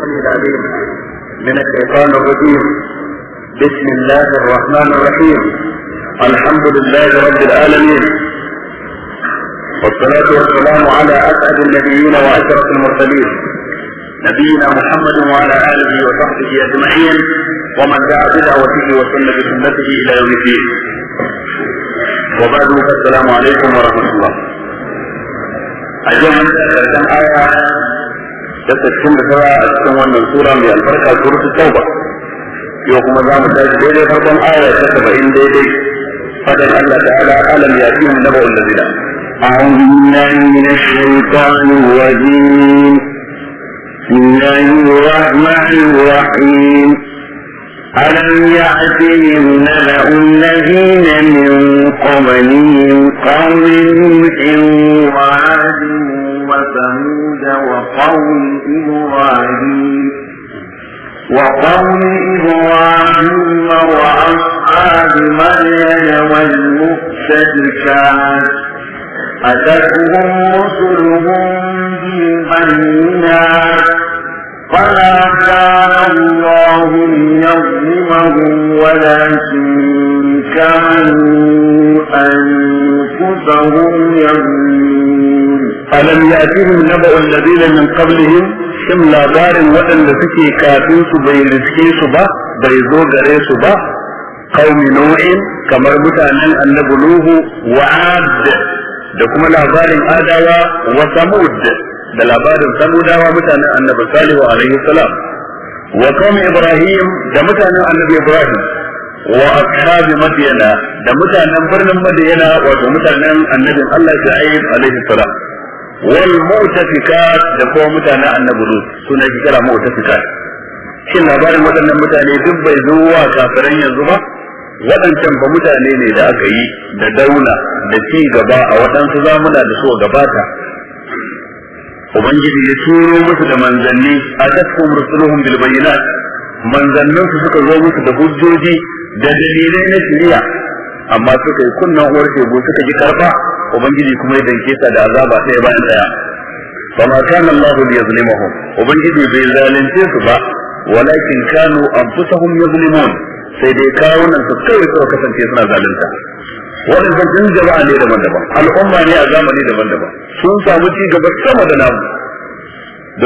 العليم من الشيطان الرجيم بسم الله الرحمن الرحيم الحمد لله رب العالمين والصلاة والسلام على أسعد النبيين وأشرف المرسلين نبينا محمد وعلى آله وصحبه أجمعين ومن دعا بدعوته وسن بسنته إلى يوم الدين وبعد السلام عليكم ورحمة الله اليوم آية da sittin da tara a cikin wannan sura mai albarka suratu tauba yau kuma za mu tashi daidai farkon aya ta saba'in daidai fadin Allah ta'ala alam ya fi naba wanda zina أعوذ من الشيطان الرجيم بسم الله الرحمن الرحيم ألم يأتهم نبأ الذين من قبلهم قوم نوح وعاد وثمود وقوم إبراهيم وقوم إبراهيم وأصحاب مريم والمؤتفكات أتتهم رسلهم بالبينات فما كان الله ليظلمهم ولكن كانوا أنفسهم يظلمون alam yatihim naba'ul ladina min qablihim shin labarin waɗanda suke kafin su bai riske su ba bai zo gare su ba qaumi nu'in kamar mutanen annabi nuhu wa ad da kuma labarin adawa wa samud da labarin samudawa mutanen annabi salihu alaihi salam wa qaumi ibrahim da mutanen annabi ibrahim wa ashabi madiyana da mutanen birnin madiyana wato mutanen annabin Allah sha'ib alaihi salam wal mu'tafikat da kuma mutanen annabi lut suna shi kira mu'tafikat shin labarin waɗannan mutane duk bai zo wa kafiran yanzu ba waɗancan ba mutane ne da aka yi da daula da ci gaba a waɗansu zamuna da so gabata ubangiji ya turo musu da manzanni a tasfum rusuluhum bil manzannin su suka zo musu da hujjoji da dalilai na shari'a amma suka yi kunnan uwar shegu suka ji karba ubangiji kuma ya danke ta da azaba sai bayan ɗaya fama kana Allah liyazlimahum ubangiji bai zalunce su ba walakin kanu anfusuhum yuzlimun sai dai kawunan su kai su kasance suna zalunta waɗansu ɗin jama'a ne daban-daban al'umma ne a zamani daban-daban sun samu ci gaba sama da namu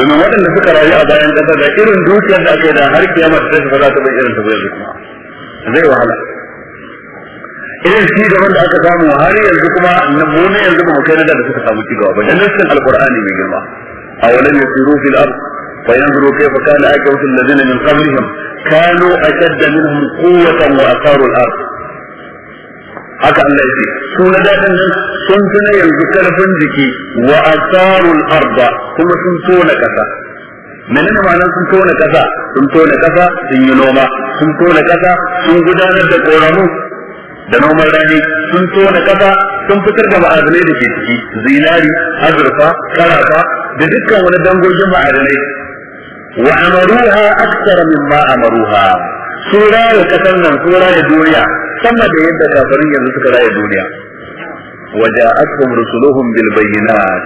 domin waɗanda suka rayu a bayan ƙasa da irin dukiyar da aka yi da har kiyama ta tashi ba za ta bai irin ta bai zai wahala irin ci gaban da aka samu har yanzu kuma mu ne yanzu ba mu kai da suka samu ci gaba ba dan nassin alqur'ani mai girma awalan yasiru fil ard فينظروا كيف كان min الذين من قبلهم كانوا أشد منهم قوة وأثاروا الأرض haka Allah yake su na dadin nan sun tuna yanzu karfin jiki wa asarul arda kuma sun tona kasa menene nan sun tona kasa sun tona kasa sun yi noma sun tona kasa sun gudanar da koramu da noman rani sun tona kasa sun fitar da ma'adanai da ke ciki zinari azurfa karafa da dukkan wani dangogin ma'adanai wa amaruha aktsara mimma amaruha sura da kasar nan sura da duniya sama da yadda kafirin yanzu suka raya duniya وجاءتهم rusuluhun بالبينات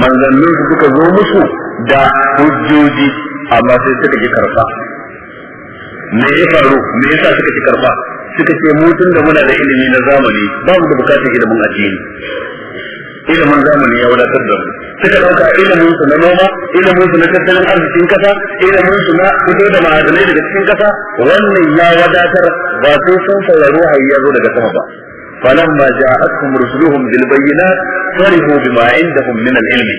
manzannin su suka zo musu da hujjoji amma sai suka ji karfa me ya faru me yasa suka ci karfa suka ce mu tun da muna da ilimi na zamani ba mu da bukatar ilimin addini ilimin zamani ya wadatar da suka dauka ilimin su na noma ilimin su na tattalin arzikin kasa ilimin su na fito da ma'adanai daga cikin kasa wannan ya wadatar ba sai sun saurari hayya zo daga sama ba فلما جاءتهم رسلهم بالبينات فرحوا بما عندهم من العلم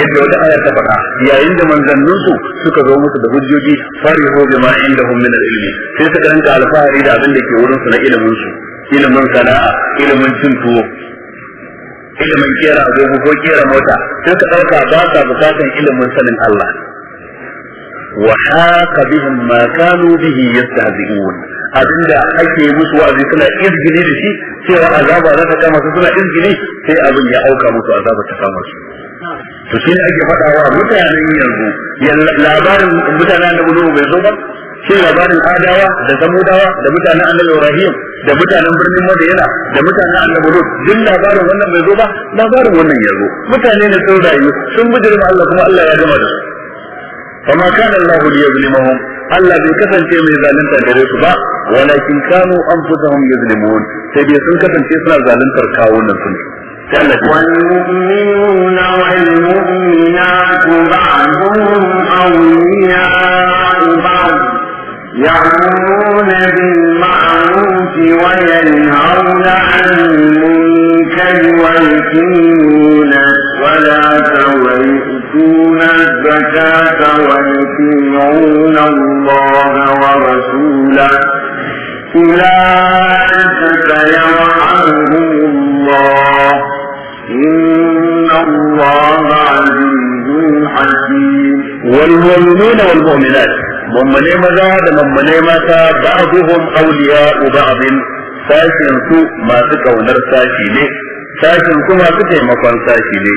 yadda wata aya ta faɗa yayin da manzannin su suka zo musu da hujjoji farihu bima indahum min al-ilmi sai suka rinka alfahari da abin da ke wurin su na ilimin su ilimin sana'a ilimin cin tuwo ilimin kera agogo ko kera mota sai ka ɗauka ba sa bukatan ilimin sanin Allah wa haqa bihim ma kanu bihi yastahzi'un abinda ake musu wa'azi suna izgini da shi cewa azaba za ta kama su suna izgini sai abin ya auka musu azaba ta kama su to shi ne ake faɗawa mutanen yanzu labarin mutanen da bulo bai zo ba shi labarin adawa da samudawa da mutanen annabi ibrahim da mutanen birnin madina da mutanen annabi lut duk labarin wannan bai zo ba labarin wannan ya zo mutane ne sun rayu sun bijirma Allah kuma Allah ya gama da su فما كان الله ليظلمهم Allah bai kasance mai zalunta gare su ba walakin kanu anfusahum yuzlimun sai dai sun kasance suna zaluntar kawunan su والمؤمنون والمؤمنات بعضهم أولياء بعض يأمرون بالمعروف وينهون عن المنكر الزكاة ويطيعون الله ورسوله أولئك يرحمهم الله إن الله عزيز حكيم والمؤمنون والمؤمنات mummune maza da mummune mata ba'duhum awliya ba'din sashin su masu kaunar sashi ne sashin kuma su taimakon sashi ne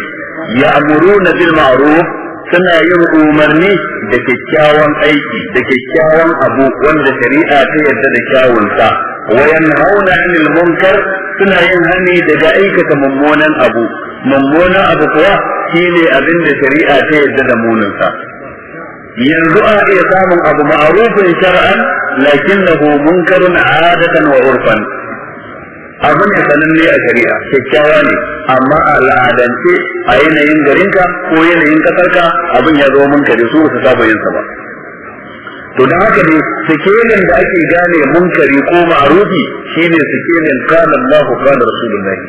ya'muruna ma'ruf suna yin umarni da kyakkyawan aiki da kyakkyawan abu wanda shari'a ta yarda da kyawunsa wa yanhauna 'anil munkar suna yin hani daga aikata mummunan abu mummunan abu kuwa shine abin da shari'a ta yarda da muninsa yanzu a iya samun abu ma'arufin shar'an lakinnahu munkarun 'adatan wa urfan da sanin ne a shari'a kyakkyawa ne amma a al'adance a yanayin garinka ko yanayin kasarka abin ya zo mun kare su su saba yin sa ba to da haka ne sikelin da ake gane munkari ko maarufi shine sikelin kana Allah kana Rasulullahi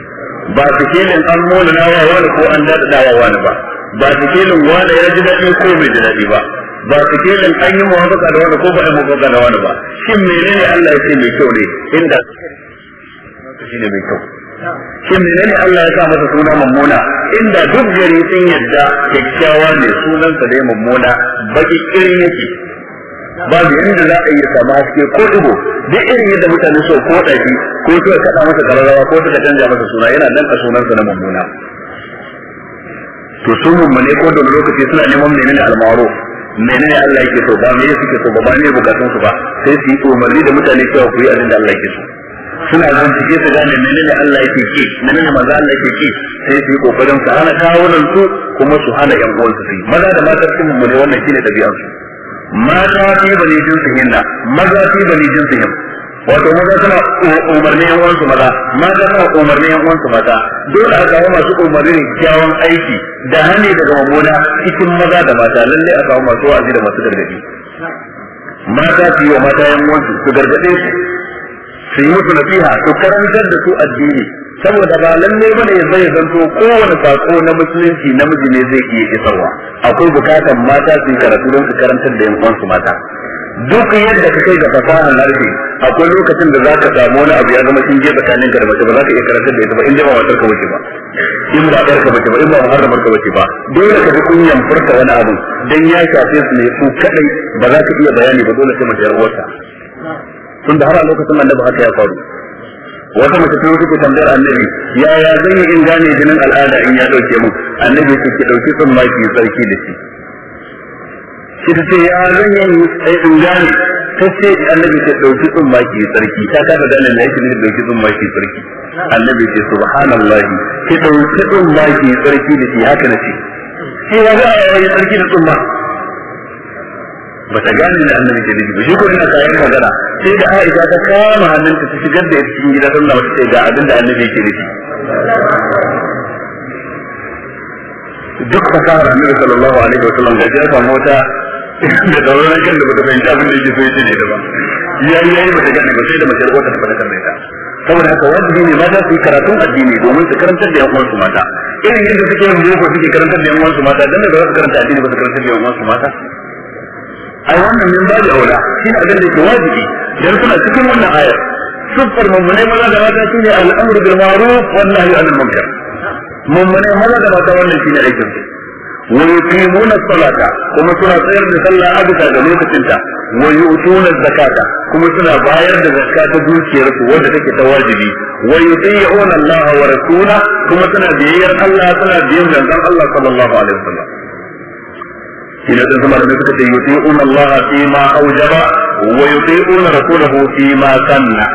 ba sikelin an mola wa wani ko an dawa wani ba ba sikelin wani ya ji daɗi ko bai ji daɗi ba ba su nan an yi mawafaka da wani ko ba a yi mawafaka da wani ba shin menene Allah ya ce mai kyau ne inda ne mai kyau shi menene Allah ya sa masa suna mummuna inda duk gari sun yadda kyakkyawa ne sunan sa dai mummuna baki irin yake da yadda za a yi samu haske ko dubo duk irin yadda mutane so ko ɗaki, ko so kada masa kararrawa ko suka canja masa suna yana nan a sunan sa na mummuna to sun mummune ko da lokaci suna neman menene almaro menene Allah yake so ba me suke so ba ba ne bukatun su ba sai su yi umarni da mutane cewa ku yi abin da Allah yake so suna bincike su gane menene Allah yake ce menene maza Allah yake ce sai su yi kokarin su hana kawunan su kuma su hana yan uwan su maza da mata sun mu ne wannan shine dabi'ar su mata fi bani su na maza fi bani jinsihin wato maza suna umarni yan su maza mata suna umarni yan su mata dole a kawo masu umarni kyawun aiki da hane daga mamona cikin maza da mata lalle a kawo masu wa'azi da masu gargadi mata su yi wa mata yan uwansu su gargade su su yi musu nasiha su karantar da su addini saboda ba lalle ba ya zai zanto kowane sako na musulunci namiji ne zai iya isarwa akwai bukatar mata su yi karatu don su karantar da yan su mata duk yadda ka kai da fasahar larfi akwai lokacin da za ka samu wani abu ya zama shinge tsakaninka da mace ba za ka iya karantar da ita ba in dai ba matar ka wuce ba in ba ɗar ka wuce ba in ba da ka wuce ba dole ka ji kunyan furta wani abu dan ya shafe su ne su kadai ba za ka iya bayani ba dole sai mace yar uwarta tun da har a lokacin annabi haka ya faru wata mace ta suke tambayar annabi yaya zan yi in gane jinin al'ada in ya dauke mun annabi ce ki dauki sun ma sarki da shi shi ta ce ya zan yi in gane ta ce annabi ce dauki sun ma sarki ta kada da annabi yake ne dauki sun ma sarki annabi ce subhanallah ki dauki sun ma sarki da shi haka na ce sai ya ga ya sarki da sun ba ta gane da annabi ke nufi ba shi ko ina kayan magana sai da Aisha ta kama hannunta ta shigar da cikin gida don na wata ga abin da annabi ke nufi duk fasahar annabi sallallahu alaihi wa sallam da ya samu wata da tsaron kan da bata fahimci abin da yake so yake ne da ba ya yi yayi bata gane ba sai da mace ta fada kan ta saboda haka wajibi ne mata su yi karatun addini domin su karantar da yan uwansu mata irin yadda suke yin ko suke karantar da yan uwansu mata dan da za su karanta addini ba su karantar da yan uwansu mata ai wannan min da aula shi ne abin da yake wajibi dan suna cikin wannan ayar sufar mummunai maza da mata shi ne al'amru bil ma'ruf wan nahyi anil munkar mummunai maza da mata wannan shi ne aikin su wa yuqimuna salata kuma suna tsayar da sallah a bisa ga lokacin ta wa yu'tuna zakata kuma suna bayar da zakka ta dukiyar su wanda take ta wajibi wa yuti'una Allah wa rasula kuma suna biyayyar Allah suna biyayyar manzon Allah sallallahu alaihi wasallam ina da zama da suka ce yuti'un Allah fi ma aujaba wa yuti'un rasulahu fi ma sanna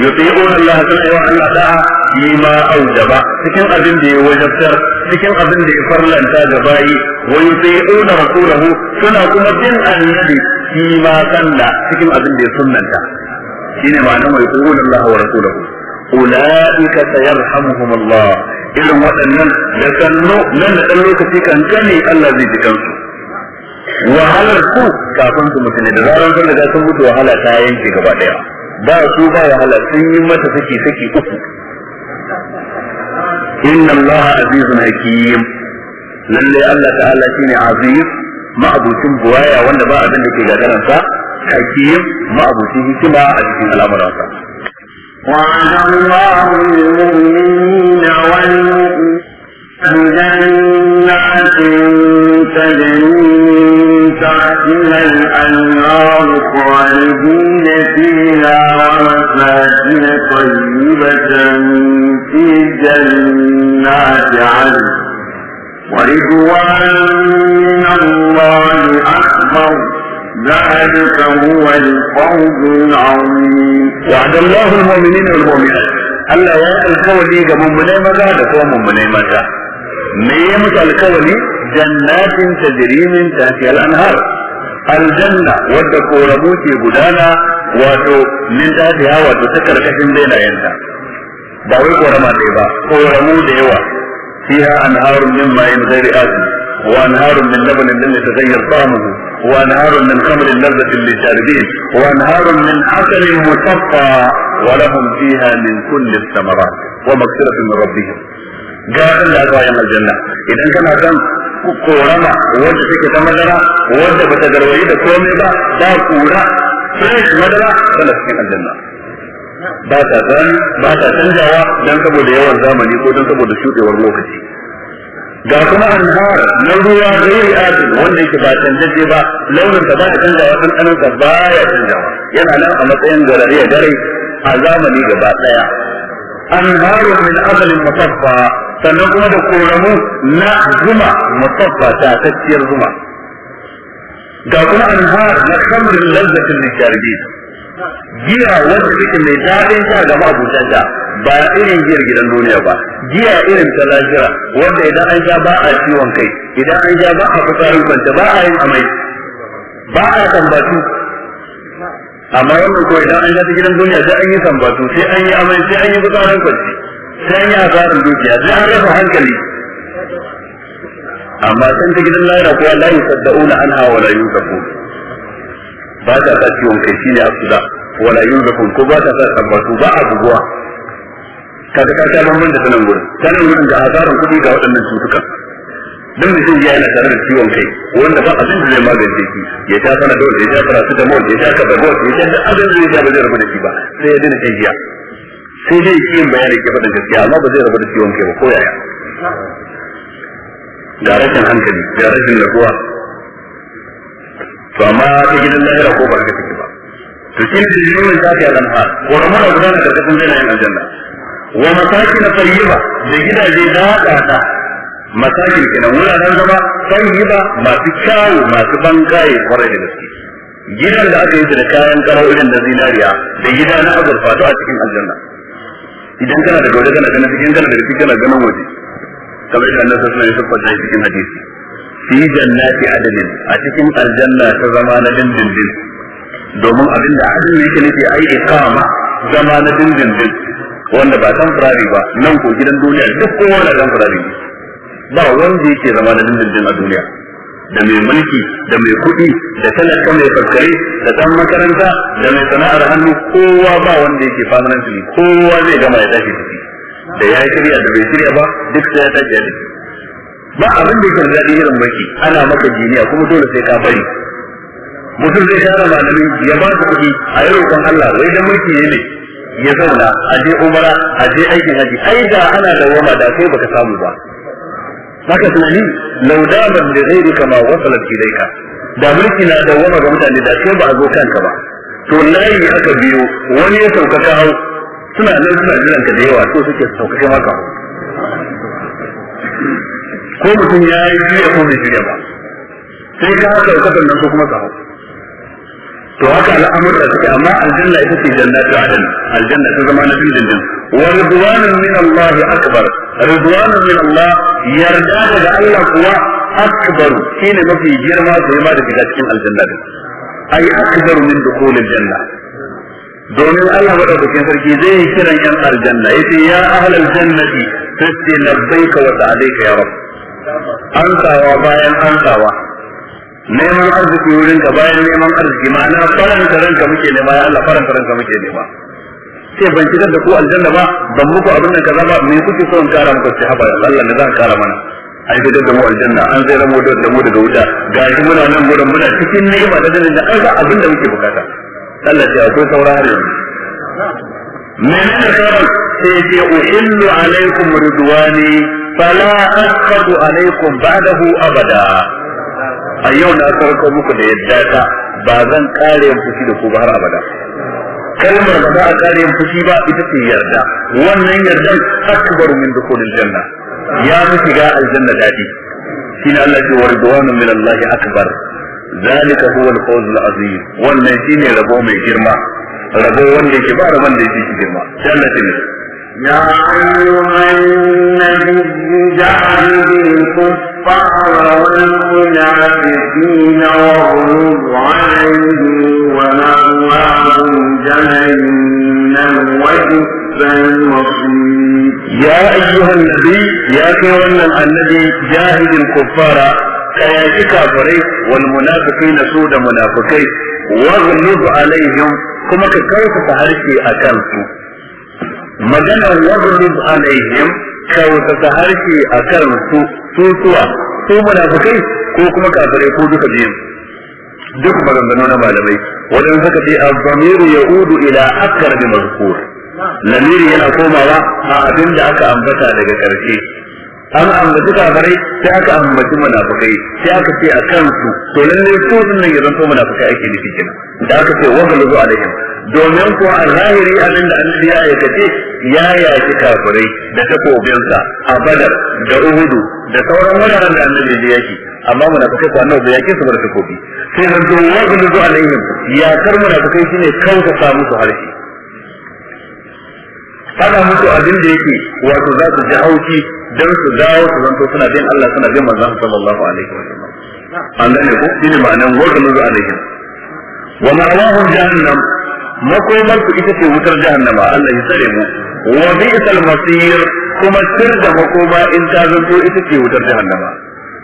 yuti'un Allah suna yawa Allah da'a fi ma aujaba cikin abin da ya wajabtar cikin abin da ya farlanta ga bayi wa yuti'un rasulahu suna kuma bin annabi fi ma sanna cikin abin da ya sunnanta shine ma'anar wa yuti'un Allah wa rasulahu أولئك سيرحمهم الله irin waɗannan da sannu nan da ɗan lokaci kankani Allah zai ji wahalar ku kafin su mutu ne da zaran sun riga sun mutu wahala ta yanke gaba daya ba su ba wahala sun yi mata saki saki uku inna allaha azizun hakim lalle allah ta'ala shine aziz ma'abucin buwaya wanda ba abin da ke gagaransa hakim ma'abucin hikima a cikin al'amuransa وعد الله المؤمنين والمؤمنات جنات تجري فيها الأنهار خالدين فيها ومساكن طيبة في جنات عدن ورضوان من الله أكبر ذلك هو الفوز العظيم وعد الله المؤمنين والمؤمنات Allah ya alkawali ga mummunai maza da kuma mummunai mata me ya musu alkawali jannatin tajrimin tahtiha anhar aljanna wadda koramu ke gudana wato min dadiya wato ta karkashin benayenta ba wai korama ɗaya ba koramu da yawa fiha anharun min ma'in ghairi asi wa anharun min labanin lam yataghayyar ta'amuhu wa anharun min khamrin lazzatin lisharibin wa anharun min asalin musaffa wa lahum fiha min kulli thamarat wa maghfiratun min rabbihim ga Allah ya aljanna idan kana dan korama wanda take ta madara wanda bata garwayi da komai ba ba kura fresh madara tana cikin aljanna ba ta zani ba ta canjawa dan saboda yawan zamani ko dan saboda shudewar lokaci ga kuma anhar na ruwa gairi adil wanda yake ba canjaje ba launin ta ba ta canjawa dan kanin ka ba ya canjawa yana nan a matsayin garare dare. a zamani gaba daya anharu min adalin mutaffa sannan kuma da koramu na zuma musabba ta takkiyar zuma ga kuma anhar na kamrin lazzatin lijarbi giya wanda take mai daɗin sha ga mabuta ta ba irin giyar gidan duniya ba giya irin ta lafiya wanda idan an sha ba a ciwon kai idan an sha ba a fitarin kwanta ba a yin amai ba a tambatu amma wannan ko idan an sha ta gidan duniya sai an yi tambatu sai an yi amai sai an yi fitarin kwanci sai ya zarin dukiya sai an rasa hankali amma sun ta gidan lahira kuwa la yusaddauna anha wa la yuzaku ba ta sa ciwon kai shi shine asuda wa la yuzaku ko ba ta sa tabbatu ba a buguwa kaga ka ta bamban da sanan gurin sanan gurin ga azarin kuɗi ga waɗannan cutuka dan mutum ya yana tare da ciwon kai wanda ba abin da zai magance shi ya ta fara dole ya ta fara su da mawuce ya ta kabar ya ta abin da zai ba zai rabu da shi ba sai ya dina kai giya sai dai shi yin bayanin ke faɗin gaskiya amma ba zai rabu da ciwon kai ba ko yaya ga rashin hankali ga rashin lafiya to amma ta gidan lahira ko ba ka take ba to shi ne yiwuwar ta ke alamha wani mura gudana da kasan zai na yin aljanna wa masakin ba, da gidaje da ta masakin kenan wuraren zama ba masu kyawu masu bangaye kwarai da gaske gidan da aka yi da kayan karo irin da zinariya da gida na azurfa a cikin aljanna idan kana da waje kana ganin cikin kana da rufi kana ganin waje kamar idan nasa suna yi wasallam yi cikin hadisi fi jannati adalin a cikin aljanna ta zama na dindindin domin abin da adalin yake nufi ai ikama zama na dindindin wanda ba san furari ba nan ko gidan duniya duk kowa na san furari ba wanda yake zama na dindindin a duniya da mai mulki da mai kuɗi da talaka mai fakkare da ɗan makaranta da mai sana'ar hannu kowa ba wanda yake permanently kowa zai gama ya tashi ciki da ya shirya da bai shirya ba duk sai ya tashi ya ciki ba abin da yake daɗi irin mulki ana maka jiniya kuma dole sai ka bari mutum zai tara malami ya ba su kuɗi a yi roƙon Allah wai dan mulki ne ya zauna a je umara a je aikin haji ai da ana dawoma da sai baka samu ba haka tunani laudaman da zai rika ma wasalar ka da mulki na da wama ga mutane da ke ba a zo kanka ba to layi aka biyo wani ya sauka ka hau suna nan suna jiran ka da yawa to suke sauka kai maka ko mutum ya yi biya ko mai jiya ba sai ka haka sauka nan ko kuma ka hau to haka al'amuran suke amma aljanna ita ce jannatu adn aljanna ta zama na dindindin wa ridwanun min Allah akbar ridwanun min Allah yarda daga Allah kuwa akbar shine mafi girma da ma da shiga cikin aljanna din ai akbar min dukhulil aljanna domin Allah madaukakin sarki zai yi kiran yan aljanna yace ya ahlal jannati fasti labbaika wa sa'alaika ya rab an tsawa bayan an tsawa neman arziki wurin ka bayan neman arziki ma'ana faranta ranka muke nema ya Allah faranta ranka muke nema sai ban kidan da ku aljanna ba ban muku abin nan kaza ba me kuke so in kara muku sai haba Allah ne zan kara mana an da da mu aljanna an zai ramu da mu daga wuta ga shi muna nan gurin muna cikin ni'ima da dalilin da an ga abin da muke bukata Allah ya ko saura har yanzu menene sabon sai ce uhillu alaikum ridwani fala akhadu alaikum ba'dahu abada a yau na farko muku da yadda ta ba zan kare yin fushi da ku ba har abada kalmar da za a kare yin fushi ba ita ce yarda wannan yardan akbar min dukhulil janna ya fi shiga aljanna dadi shine Allah ce wa min Allah akbar zalika huwa al-fawz al-azim wannan shine rabo mai girma rabo wanda yake ba rabon da yake girma sai Allah ya يا أيها النبي جاهد الكفار والمنافقين واغلظ عليهم ومأواهم جهنم وبئس المصير يا أيها النبي يا كيوانا النبي جاهد الكفار كياجي كافري والمنافقين سود منافقين واغلظ عليهم كما كيف تحرشي أكلتم maganar wazrib alaihim ta harshe a karin su tutuwa su munafikai ko kuma kafirai ko duka biyun duk maganganu na malamai wajen haka dai az ya udu ila akthar bi mazkur lamiri yana komawa a abin da aka ambata daga karshe an ambaci kafirai sai aka ambaci munafikai sai aka ce a kansu to lalle su din nan ya zanto munafikai ake nufi kenan da aka ce wa galazu alaihim domin ko a zahiri abin da annabi ya aikace ya yaki kafirai da takobinsa a badar da uhudu da sauran wuraren da annabi ya yaki amma munafikai ko annabi ya yaki su bar takobi sai zan zo wajen zuwa alaihim ya kar munafikai shine kanka sa musu harshe ana musu abin da yake wato za su ji hauki dan su dawo su zanto suna bin Allah suna bin manzon sallallahu alaihi wa an da ne ko shine ma'anar wajen zuwa alaihim wa ma'awahum jahannam makomar ku ita ce wutar jahannama Allah ya tsare mu wa bi'sal masir kuma sir da makoma in ta zanto ita ce wutar jahannama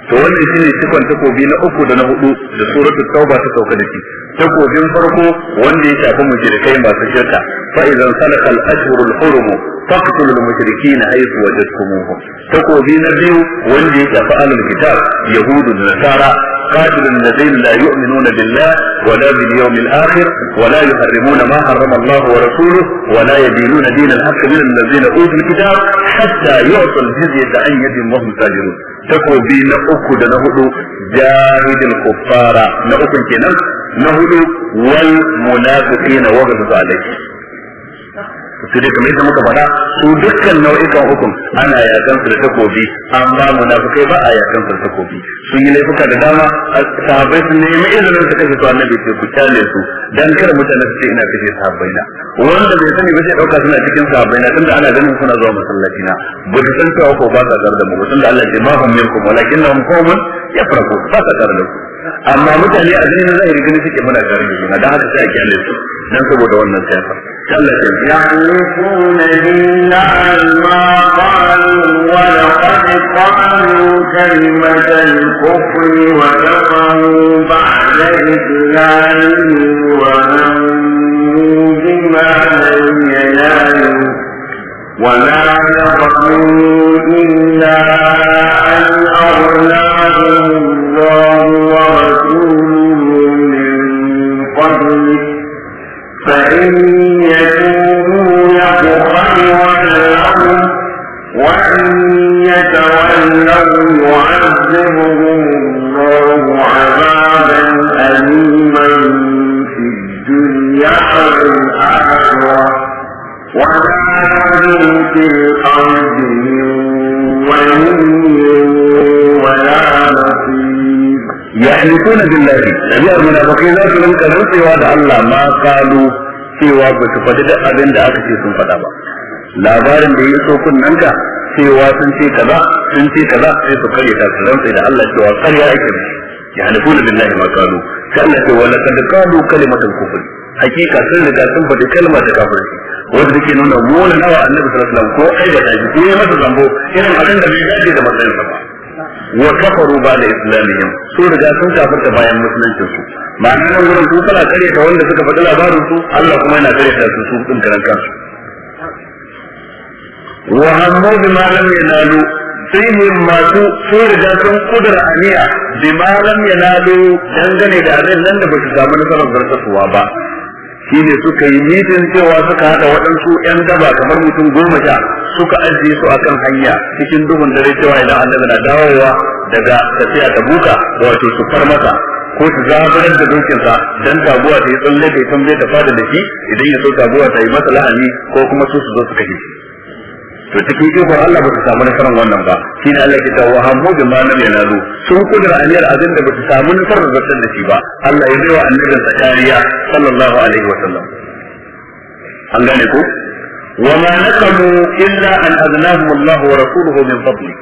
to wannan shine cikon takobi na uku da na hudu da suratul tauba ta sauka da shi takobin farko wanda ya shafi mushrikai masu shirka fa idan salakal ashhurul hurum faqtul mushrikeena haythu wajadtumuhum takobi na biyu wanda ya shafi ahlul kitab yahudu da nasara قاتل الذين لا يؤمنون بالله ولا باليوم الآخر ولا يحرمون ما حرم الله ورسوله ولا يدينون دين الحق من الذين أوتوا الكتاب حتى يعطوا الجزية عن يد وهم تاجرون. takobi بين اكد da جاهد الكفار jahidil kuffara na والمنافقين kenan عليه. su da kamar yadda muka faɗa su dukkan nau'ikan hukum ana yakan su da takobi amma munafikai ba a yakan su da takobi sun yi laifuka da dama sahabbai sun nemi izinin su kashe su annabi ke ku kyale su dan kar mutane su ce ina kashe sahabbai na wanda bai sani ba sai dauka suna cikin sahabbai na tunda ana ganin suna zuwa masallaci na ba su san cewa ko ba sa da mu tunda Allah ce ma hum minkum walakin lahum qawmun yafraqu ba sa da ku amma mutane a ganin zahiri ganin suke muna tare da juna dan haka sai a kyale su dan saboda wannan sai يحلفون بالله ما قالوا ولقد قالوا كلمة الكفر وكفروا بعد إسلامه وهموا بما لم ينالوا وما يقتلوا إلا أن أغناهم الله ورسوله من قبل فإن يعذبهم الله عذابا أليما في الدنيا والآخرة وما لهم في الأرض من ولي ولا نصير يحلفون بالله جاء المنافقين لا تلك الرسل وهذا الله ما قالوا cewa ba su faɗi da abin da aka ce sun faɗa ba labarin da ya so kunnen ka cewa sun ce kaza sun ce kaza sai su karya ta su rantsa da Allah cewa karya ake mishi ya halifuna billahi ma kalu sai Allah ce wala kad kalu kalimatul kufr hakika sun riga sun faɗi kalma da kafirci wanda take nuna mola nawa annabi sallallahu alaihi wasallam ko ai ba shi ko ya masa zambo irin abin da bai dace da matsayin sa ba wa kafaru ba da islamihim su riga sun kafirta bayan musuluncin su ma'ana nan gurin su kana kare ta wanda suka faɗi labarin su Allah kuma yana kare ta su su din karan kansu wa hammu bi ma lam sai ne masu sun riga sun kudura aniya bi ma ya lalu, dangane da abin nan da ba su samu nasarar zartasuwa ba shine suka yi mitin cewa suka haɗa waɗansu 'yan gaba kamar mutum goma sha suka ajiye su akan hanya cikin duhun dare cewa idan annabi na dawowa daga tafiya ta buka wato su far masa ko su zabarar da dokinsa dan taguwa ta yi tsalle ta tambaye ta fada da shi idan ya so taguwa ta yi masa lahani, ko kuma su su zo su kashe shi to cikin ikon Allah ba su samu nasarar wannan ba shi ne Allah ke ta wa hammu bi ma lam yanalu sun kudura aniyar abin da ba su samu nasarar zartar da shi ba Allah ya bai wa annabin sa kariya sallallahu alaihi wa sallam an gane ko wa ma naqamu illa an aznahum Allah wa rasuluhu min fadli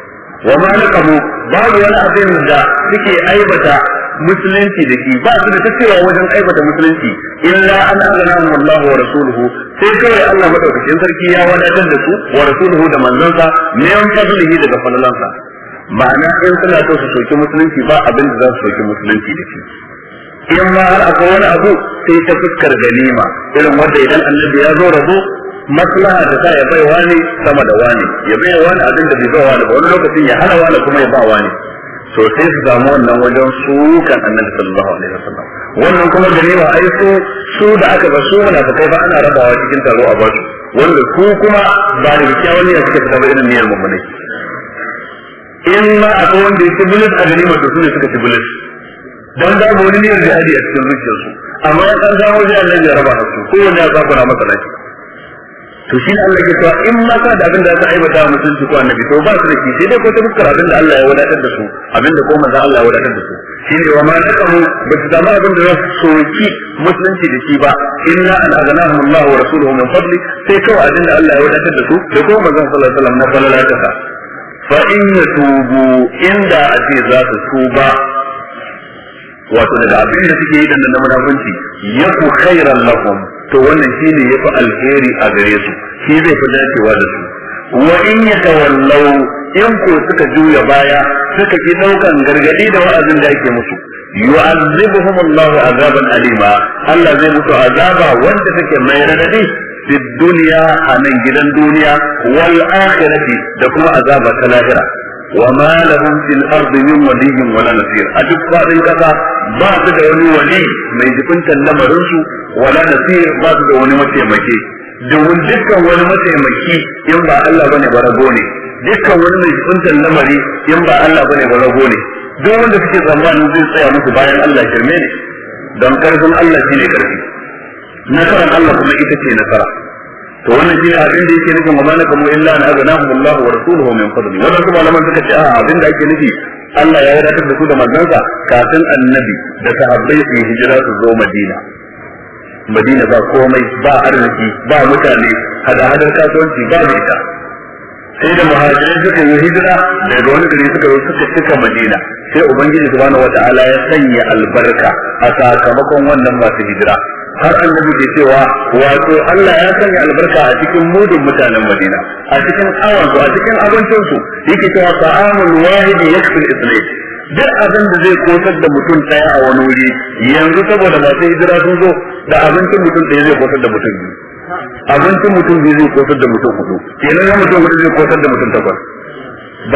wa ma naqamu babu wani abin da suke aibata musulunci da shi ba su da ta wajen aibata musulunci illa an azana Allah wa rasuluhu sai kawai Allah madaukakin sarki ya wadatar da su wa rasuluhu da manzansa ne an fadlihi daga falalansa ma'ana in suna so su soki musulunci ba abin da za su soki musulunci da shi in ma har akwai wani abu sai ta fuskar ganima irin wanda idan annabi ya zo rabo maslaha ta sa ya bai wani sama da wani ya bai wani abin da bai bai wani ba wani lokacin ya hana wani kuma ya ba wani to sai su samu wannan wajen sukan annabi sallallahu alaihi wasallam wannan kuma ganima ai su su da aka ba su muna kai ba ana rabawa cikin taro a su wanda su kuma ba da kyawun ne suka fita ba irin niyyar mummunai in ma akwai wanda yake bilis a ganima to su ne suka ci bilis dan da wani niyyar jihadi a cikin zuciyarsu amma ya san samu shi annabi ya raba su kowanne ya zabura masa lafiya to shi Allah ke cewa in ma da abin da za aibata wa mutunci ko annabi to ba su da shi sai dai ko ta fuskar abin da Allah ya wadatar da su abin da ko manzo Allah ya wadatar da su shine wa ma nakamu ba su zama abin da za su soki musulunci da shi ba inna an aghnahum Allah wa rasuluhu min fadli sai kawai abin da Allah ya wadatar da su da ko manzo sallallahu alaihi wasallam na falalata fa in yatubu inda a ce za su tuba wato daga abin da suke yi da na munafunci yaku khairan lahum to wannan shi ne ya fi alheri a gare su shi zai fi dacewa da su wa in ya tawallau in ko suka juya baya suka ki daukan gargadi da wa'azin da yake musu yu'azzibuhum Allah azaban alima Allah zai musu azaba wanda take mai radadi fi duniya a nan gidan duniya wal akhirati da kuma azaba ta lahira وما لهم في الارض من ولي ولا نصير ادك فادن كذا ba su da wani wali mai jibintan lamarin su wala nasir ba su da wani mataimaki domin dukkan wani mataimaki in ba Allah bane ba rago ne dukkan wani mai jibintan lamari in ba Allah bane ba rago duk wanda kake tsammanin zai tsaya muku bayan Allah shirme ne don karfin Allah shine karfi nasaran Allah kuma ita ce nasara to wannan shine abin da yake nufin amana kamu illa an azanahu Allah wa rasuluhu min fadli wannan kuma malaman suka ce a abin da ake nufi Allah ya wadatar da su da manzansa kafin annabi da sahabbai su hijira su zo Madina Madina ba komai ba arziki ba mutane hada-hadar kasuwanci ba mai ta sai da muhajirai suka yi hijira daga wani gari suka zo suka cika madina sai ubangiji subhanahu wata'ala ya sanya albarka a sakamakon wannan masu hijira har annabi ke cewa wato Allah ya sanya albarka a cikin mudun mutanen Madina a cikin awan a cikin abincin su yake cewa ta'amul wahid yakfil isnay duk abin da zai kosar da mutum daya a wani wuri yanzu saboda masu hijira sun zo da abincin mutum da zai kosar da mutum biyu abincin mutum biyu zai kosar da mutum hudu kenan ya mutum hudu zai kosar da mutum takwas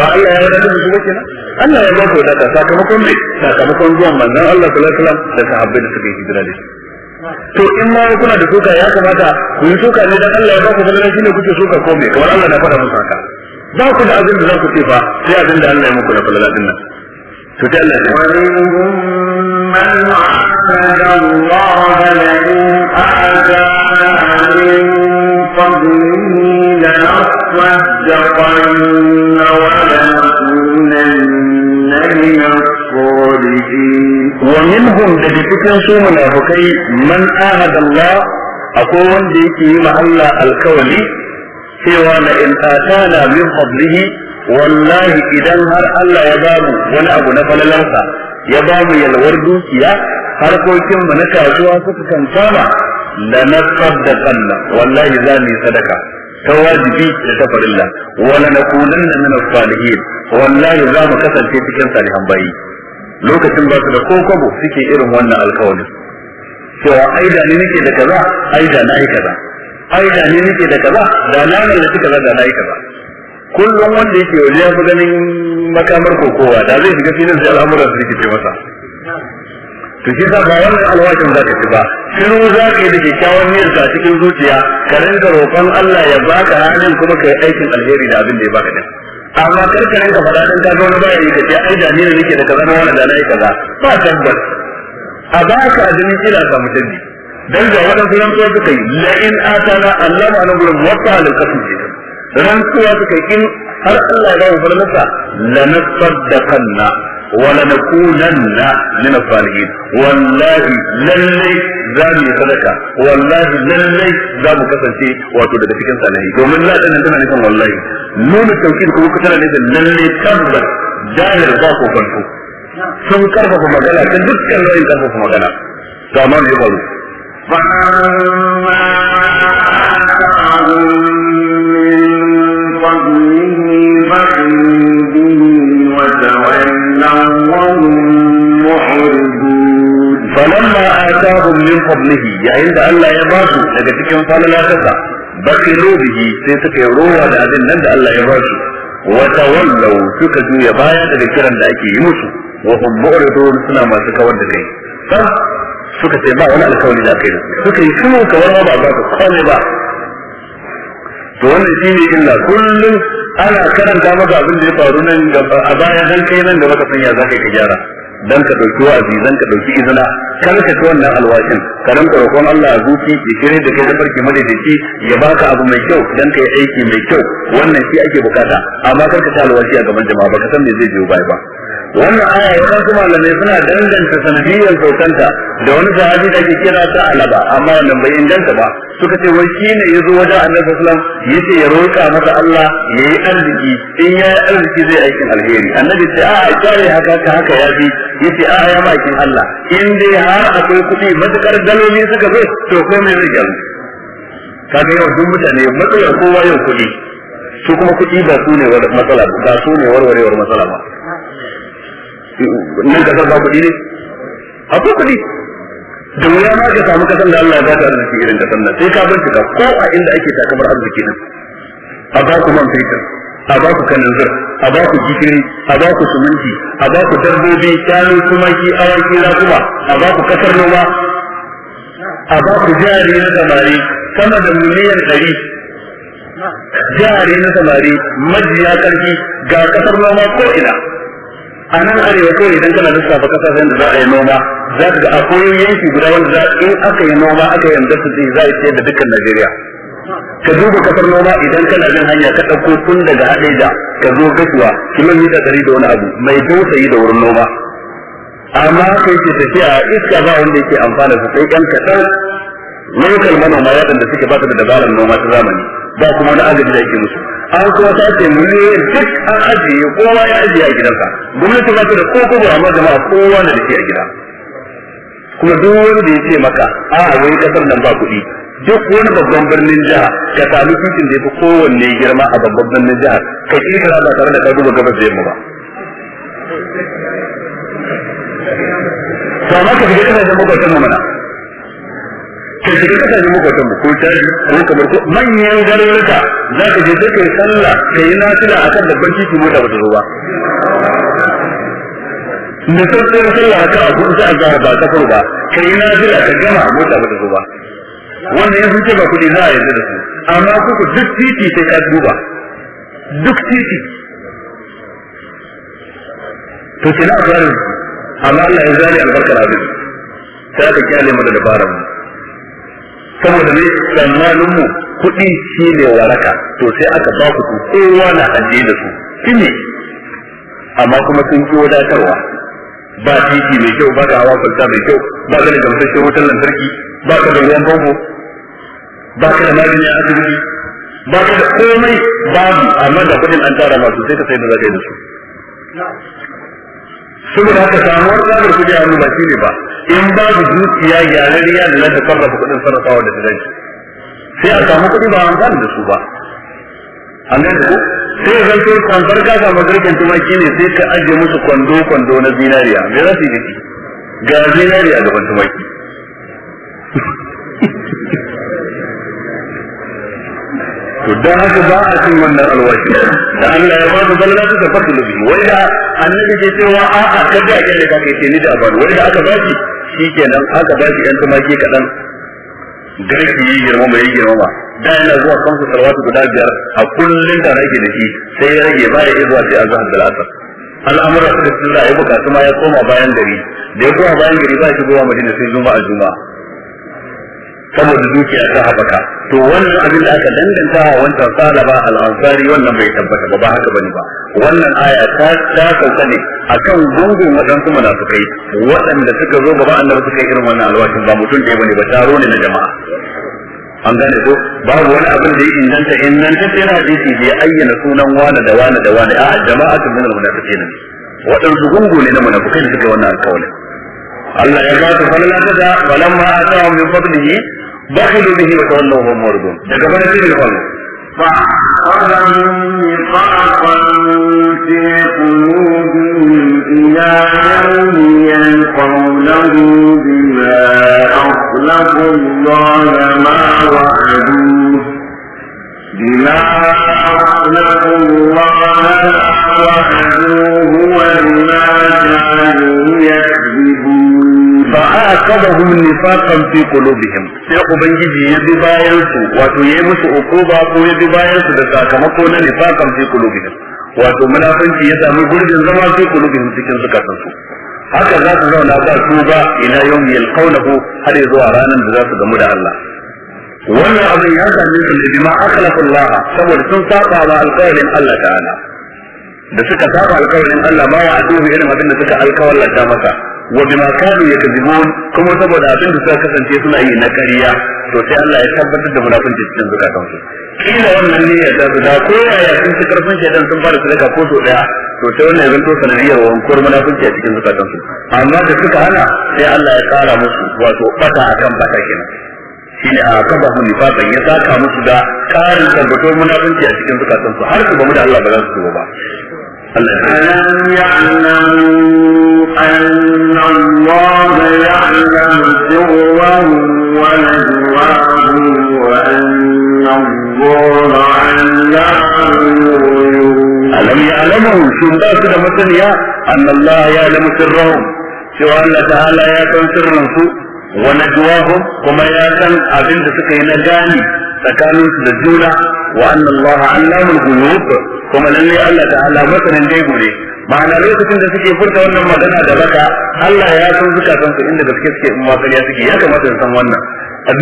ba Allah ya wadata su ba kenan Allah ya ba ku wadata sakamakon ne sakamakon zuwan manzon Allah sallallahu alaihi wasallam da sahabbai da suka hijira da shi to in ma kuna da shuka ya kamata ku yi shuka ne dan Allah ya ba ku falala ne kuke shuka ko me kamar Allah na faɗa musu haka ba ku da azumi da za ku ce ba sai azumin da Allah ya muku na falala din nan to dai Allah ya ومنهم من عبد الله لئن آتانا من فضله لنصدقن ولن daga cikin su munafukai man ahadallah akwai wanda yake yi ma Allah alkawali cewa la in atana min fadlihi wallahi idan har Allah ya bamu wani abu na falalansa ya ba mu yalwar dukiya harkokin mu na kasuwa suka kankama la nasaddaqanna wallahi za mu yi sadaka ta wajibi da ta wala nakunanna min as-salihin wallahi za mu kasance cikin salihan bayi lokacin ba su da ko kwabo suke irin wannan alkawalin cewa ai da ni nake da kaza ai da na yi kaza ai da ni nake da kaza da na mallaki kaza da na yi kaza kullum wanda yake waje ya fi ganin makamar kokowa da zai shiga filin sai al'amuran su rikice masa to shi ba wannan alwashin za ka ci ba shiru za ka yi da kyakkyawan niyyar cikin zuciya ka rinka roƙon Allah ya baka halin kuma ka yi aikin alheri da abin da ya baka din amma karkarin ka faɗa ɗan kaga wani baya yi tafiya ai da ni nake da kaza na wani da na yi kaza ba tabbas a ba ka azumi ila samu tabi dan ga waɗansu rantsuwa suka yi la in atana Allah ma nan gurin wata alƙasu ce rantsuwa suka yi in har Allah ya ba mu farmasa la nasaddaqanna Walana kunanna nina fara'in wala lalle za mu iya fara ta wala lalle za kasance wato daga cikin farai. Domin lalla dana ni san wala yi nuna sauƙin ko kuka tana lalle ta zata da yadda ba ko kanko sun kafa magala kan dukkanin za su kafa magala saman bi malu. فلما آتاهم من فضله يعني أن لا يبادوا لكتكهم قال لا تسع بخلوا به سيسك يروى لأذن أن لا يبادوا وتولوا شكت من يبايا لذكرا لأيك يموسوا وهم مؤردون سنا ما تكون لكي ف سكة يبا ولا لكون لا كيلا سكة يشنوا كورا بعضاك قام يبا تولي سيني إلا كل ana karanta maka abin da ya faru nan ga a baya dan kai nan gaba ka sanya zaka ka gyara dan ka dauki wa'azi dan ka dauki izina kar ka ci wannan alwashin ka roƙon Allah zuci ki kire da kai da barki madaidaici ya baka abu mai kyau dan ka aiki mai kyau wannan shi ake bukata amma kar ka ci alwashi a gaban jama'a ba ka san me zai biyo baya ba wannan aya ya kuma malamai suna danganta sanadiyyar saukanta da wani sahabi da ke kira ta alaba amma wannan bai inganta ba suka ce wai shi ne yazo wajen annabi sallallahu alaihi yace ya roƙa masa Allah ya yi arziki in ya yi arziki zai aikin alheri annabi ce a a kare haka ka haka ya bi yace a ya ma Allah in dai har akwai kuɗi matukar daloli suka zo to mai zai gyaru kaga yau duk mutane matsalar kowa yau kuɗi su kuma kuɗi ba su ne matsala ba su ne warwarewar matsala ba nan kasar ba kuɗi ne akwai kuɗi da wuya ma ka samu kasan da Allah ya ba ta arziki irin kasan nan sai ka bincika ko a inda ake takamar arziki nan a ba ku man fetur a ba ku kanin zur a ba ku gishiri a ba ku suminti a ba ku dabbobi shanu ki awaki na kuma, a ba ku kasar noma a ba ku jari na samari sama da miliyan ɗari jari na samari majiya ƙarfi ga kasar noma ko ina a nan arewa kawai idan kana lissafa kasashen da za a yi noma za ka ga akwai yanki guda wanda in aka yi noma aka yanda su zai za a ce da dukkan Najeriya ka duba kasar noma idan kana jin hanya ka ɗauko tun daga Hadejia ka zo gashuwa kilomita ɗari da wani abu mai yi da wurin noma amma kai ke tafiya iska ba wanda yake amfana su sai ɗan kaɗan lokal manoma yaɗin suke ba su da dabarar noma ta zamani ba kuma wani agaji da yake musu an kuma ta ce miliyoyin duk an ajiye kowa ya ajiye a gidansa gwamnati ba ta da ko kuma amma jama'a kowa na da a gida kuma duk wanda ya ce maka a wai kasar nan ba kuɗi duk wani babban birnin jiha ka sami titin da yafi kowanne girma a babban birnin jiha ka kirkira ba tare da ka duba gabas da yamma ba to amma ka shiga kasashen makwabtan mu mana shiga kasashen makwatan mu ko tari ko kamar ko manyan garuruka za ka je sai kai sallah nasila a akan babban titi mota ba ta zo ba da sauƙin sallah akan kuɗi za a gama ba kafar ba ka yi nasila ka gama mota ba ta zo ba wannan ya ce ba kuɗi za a yanzu da su amma kuku duk titi sai ka duba duk titi to kina a amma Allah ya zali albarkar abin sai ka kyale mu da dabaran mu saboda ne tsammanin mu kuɗi shi ne waraka to sai aka ba ku kowa na ajiye da su ne amma kuma sun ki wadatarwa ba titi mai kyau ba ka hawa kwalta mai kyau ba ka da gamsasshen wutar lantarki ba ka da ruwan famfo ba ka da magani a asibiti ba ka da komai babu amma da kuɗin an tara masu sai ka sai da yi da su saboda haka samuwar tsabar kuɗi a ba shi ne ba in ba da dukiya yarariya da zai sarrafa kuɗin sarrafawa da zai sai a samu kuɗi ba an gane da su ba an gane ku sai ya zanto tamfar ka samu garken tumaki ne sai ka ajiye musu kwando kwando na zinariya mai rafi yi da ga zinariya gaban tumaki to dan haka ba a cin wannan alwashi da Allah ya ba su balla su tabbatu da bihi wai da annabi ke cewa a a kada a kira kai ce ni da abadu wai da aka ba shi shikenan aka ba baki dan tumaki kadan garki yi girma mai girma ba da yana zuwa kansu salwatu guda biyar a kullun da rage da shi sai ya rage ba ya yi zuwa sai a zuwa da asar al'amura suka sun da ya bukatu ma ya koma bayan gari da ya koma bayan gari ba shi zuwa madina sai a juma'a saboda dukiya ta haɓaka to wannan abin da aka danganta wa wancan salaba al-ansari wannan bai tabbata ba ba haka bane ba wannan aya ta ta sauka ne akan gungun wadansu munafikai waɗanda suka zo gaba annabi suka yi irin wannan alwashin ba mutum da bane ba taro ne na jama'a an gane ko babu wani abin da ya inganta inganta sai na hadisi da ya ayyana sunan wani da wani da wani a jama'atu min al-munafiqin ne waɗansu gungu ne na munafikai da suka yi wannan alƙawarin Allah ya ba su falala ta da a tsawon min fadlihi دخلوا به وتولوا وهم موردون daga bana sai ne kwallo fa qala nifaqan fi qulubihim ila yawmi yanqawnahu bima akhlafu Allah ma wa'aduhu بما أخلقوا الله وعدوه وما كانوا يكذبون فأعقبهم نفاقا في قلوبهم sai ubangiji ya bi bayan su wato yayi musu ukuba ko ya bi bayan su da sakamako na ni nifaqan fi qulubihim wato munafanci ya sami gurbin zama fi qulubihim cikin zakatan su haka za su zauna ba su ba ila yawmi yalqawnahu har zuwa ranar da za su gamu da Allah wannan abin ya sami su jima a kalafin laha saboda sun saba ma alƙawarin Allah ta'ala da suka saba alƙawarin Allah ma ya adu irin abin da suka alƙawarlata masa wa bima kanu yakzibun kuma saboda abin da suka kasance suna yi na ƙarya to sai Allah ya tabbatar da munafunci cikin zukatansu kila wannan ne ya zabi da ko yaya sun fi karfin shaidan sun fara sadaka ko so daya to sai wannan ya zanto sanadiyar wankuwar munafunci a cikin zukatansu amma da suka hana sai Allah ya ƙara musu wato bata akan bata kenan shine a kaba mu nifaqan ya saka musu da karin tabbatar munafunci a cikin zukatan su har su ba mu da Allah ba za su zo ba ألم يعلموا أن الله يعلم سرهم ونجواهم وأن الله علام alam ya alamu sun ba su da masaniya annallah ya alamu sirrahum cewa Allah ta'ala ya Wani najwahum kuma ya san abin da suka yi na gani tsakanin su da juna wa anna Allah allamul ghuyub kuma nan ne Allah ta'ala masanin gaibu ne ma'ana lokacin da suke furta wannan magana da baka Allah ya san zukatan su inda gaske suke in ma kariya suke ya kamata su san wannan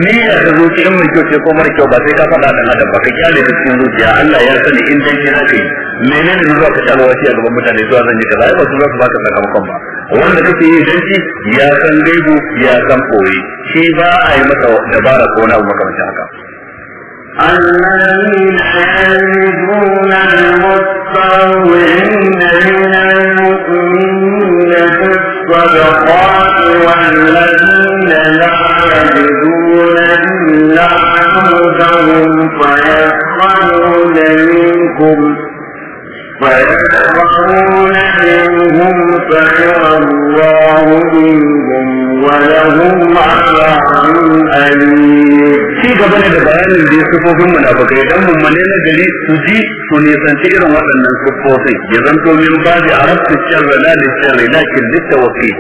niyya ta zuci in mai kyau ce ko mara kyau ba sai ka faɗa da adam ba ka kyale ta cikin zuciya Allah ya sani in dan ki haka yi menene zuwa ka tsalo wasi a gaban mutane zuwa zan yi ka zai ba su za ka baka sakamakon ba wanda kake yi dan shi ya san gaibu ya san koyi shi ba a yi masa dabara ko na makamancin haka الذين يلمزون المتطوعين من المؤمنين الصدقات والذين لا يجدون إلا عبدهم فيسخرون منكم فيتبخرون منهم فيرى الله منهم ولهم عذاب أليم Shi gaba ne da bayanin da sufofin munafikai dan mummune na gari su ji su nisanci irin waɗannan sufofin ya zanto min babi a rasu sharri la da sharri lakin littawafi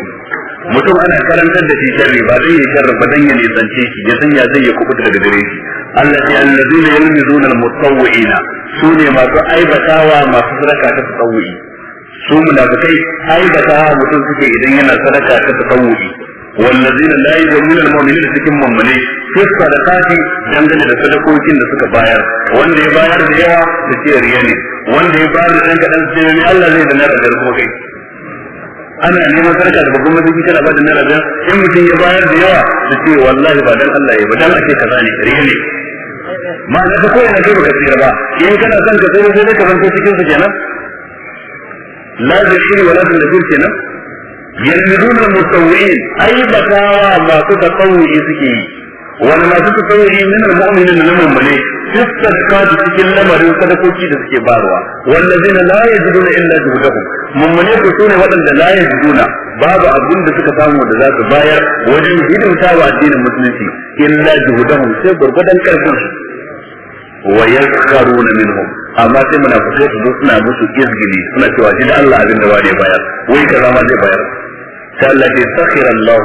mutum ana karantar da shi sharri ba zai yi sharri ba dan ya nisanci shi ya san ya zai ya kubuta daga gare shi allati allazina yalmizuna almutawwi'ina sune masu aibatawa masu sadaka ta tsawuyi su munafikai aibatawa mutum suke idan yana sadaka ta tsawuyi والذين لا يؤمنون المؤمنين cikin mummune fi sadaqati dangane da sadakokin da suka bayar wanda ya bayar da yawa da ce riyani ne wanda ya bayar da dan kadan sai Allah zai da na da kuma kai ana neman sarka da babban mazaki kana ba da naira biyar in mutum ya bayar da yawa da ce wallahi ba dan Allah ya ba dan ake kaza ne riya ne na ta ko ina baka tsira ba in kana son ka sai sai ka zanto cikin su kenan la shiri wala tadbir kenan yanzu da musawwi'in ai bakawa masu tasawwi suke yi wani masu tasawuri yi al-mu'minin na mummune fiskar kaji cikin lamarin sadakoki da suke barwa wanda zina la na illa juhdahum mummune ku sune waɗanda la yajiduna babu abin da suka samu da za su bayar wajen hidin tawa addinin musulunci illa juhdahum sai gurgudan karfin su wa na minhu amma sai munafikai su zo suna musu izgili suna cewa shi da Allah abin da wane bayar wai ka zama zai bayar sai Allah ya sakhira Allah